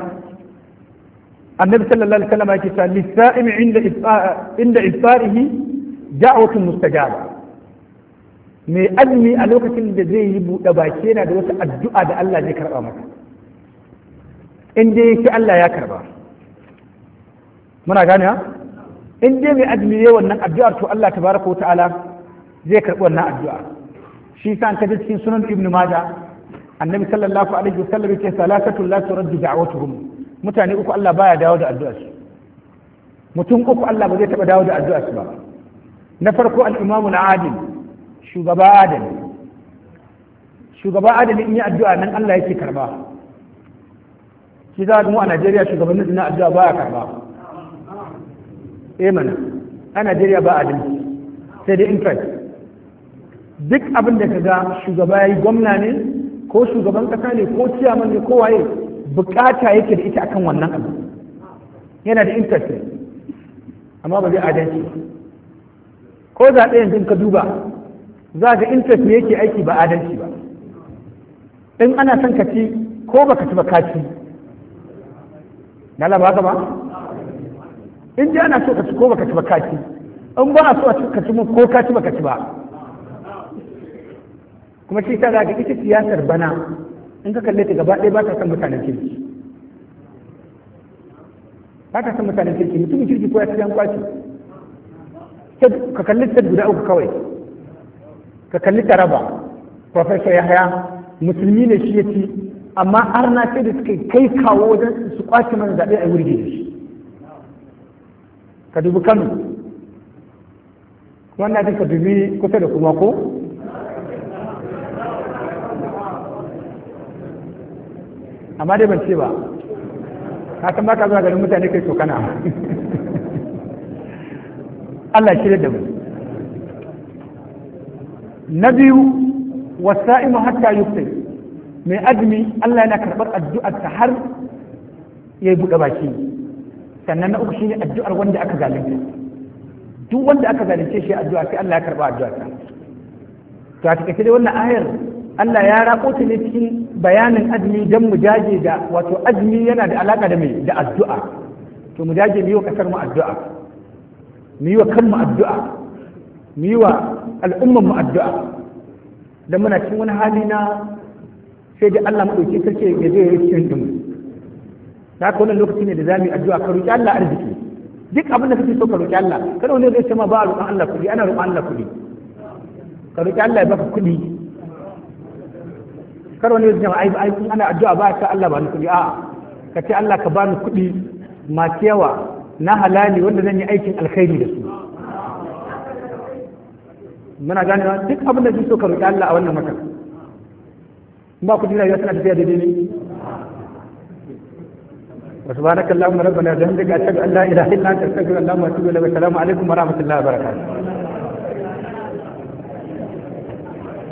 annabi sallallahu alaihi wasallam yake cewa lisa'im inda inda ifarihi da'watun mustajaba mai azumi a lokacin da zai yi buɗe baki yana da wata addu'a da Allah zai karɓa maka, in dai yake Allah ya karɓa muna gane ha in dai mai azumi yayi wannan addu'ar to Allah tabaraka wa ta'ala zai karɓi wannan addu'a shi sa an kaje cikin sunan Ibn majah annabi sallallahu alaihi wasallam yake salatatu la turaddu da'watuhum mutane uku Allah baya dawo da addu'a su mutum uku Allah ba zai taba dawo da addu'a su ba na farko al-imamu adil shugaba adal shugaba adali in yi addu'a nan Allah yake karba shi za mu a Najeriya shugabannin na addu'a baya karba eh mana a Najeriya ba adalci sai dai interest duk abin da kaga shugaba yayi gwamna ne ko shugaban kasa ne ko ciyaman ne ko waye bukata yake da ita akan wannan abu yana da interest amma ba zai adalci ko zaɓe yanzu ka duba za ga interest ne yake aiki ba adalci ba in ana son ka ci ko baka ci ba ka ci ba laba ba in ji ana so ka ci ko baka ci ba ka ci in ba a so ka ci ko ka ci baka ci ba kuma shi ta zaka ita siyasar bana in ka kalle ta gaba ɗaya ba ta san mutanen kirki ba ta san mutanen kirki mutumin kirki ko ya ta yan kwaci ka kalli ta guda uku kawai ka kalli ta raba, profesor ya haya, musulmi ne shi ya ci amma har na ce da suka kai kawo wajen su kwace mana zaɓe a wurge da shi ka dubi kano wannan ka dubi kusa da kuma ko amma dai ban ce ba ka san baka zuwa ganin mutane kai tsokana Allah shirya da mu na biyu wasa'imu hatta yuftai mai azumi Allah yana karɓar addu'ar ta har ya buɗe baki sannan na uku shine addu'ar wanda aka zalunta duk wanda aka zalunce shi addu'a sai Allah ya karɓa addu'ar ta to a cikin dai wannan ayar Allah ya rako ta ne cikin bayanin azumi don mu jaje da wato azumi yana da alaka da mai da addu'a to mu jaje mu yi wa kasar mu addu'a mu yi wa kanmu addu'a mu yi wa al'umman mu addu'a dan muna cikin wani hali na sai da Allah mu dauke sarki ya zai yi cikin din da haka wannan lokaci ne da za mu yi addu'a ka roki Allah arziki duk abin da kake so ka roki Allah kada wani zai ce ma ba a roƙon Allah kuɗi ana roƙon Allah kuɗi ka roki Allah ya baka kuɗi kar wani yanzu ai ai kun ana addu'a ba ta Allah ba ni kudi a'a ka ce Allah ka bani kudi masu yawa na halali wanda zan yi aikin alkhairi da su muna gane duk abin da so ka roki Allah a wannan makar ba kudi na yi na yasa da Wasu ba na subhanaka allahumma rabbana zan daga ta ga Allah ilaha illa anta astaghfiruka wa atubu ilayk assalamu alaikum wa rahmatullahi wa barakatuh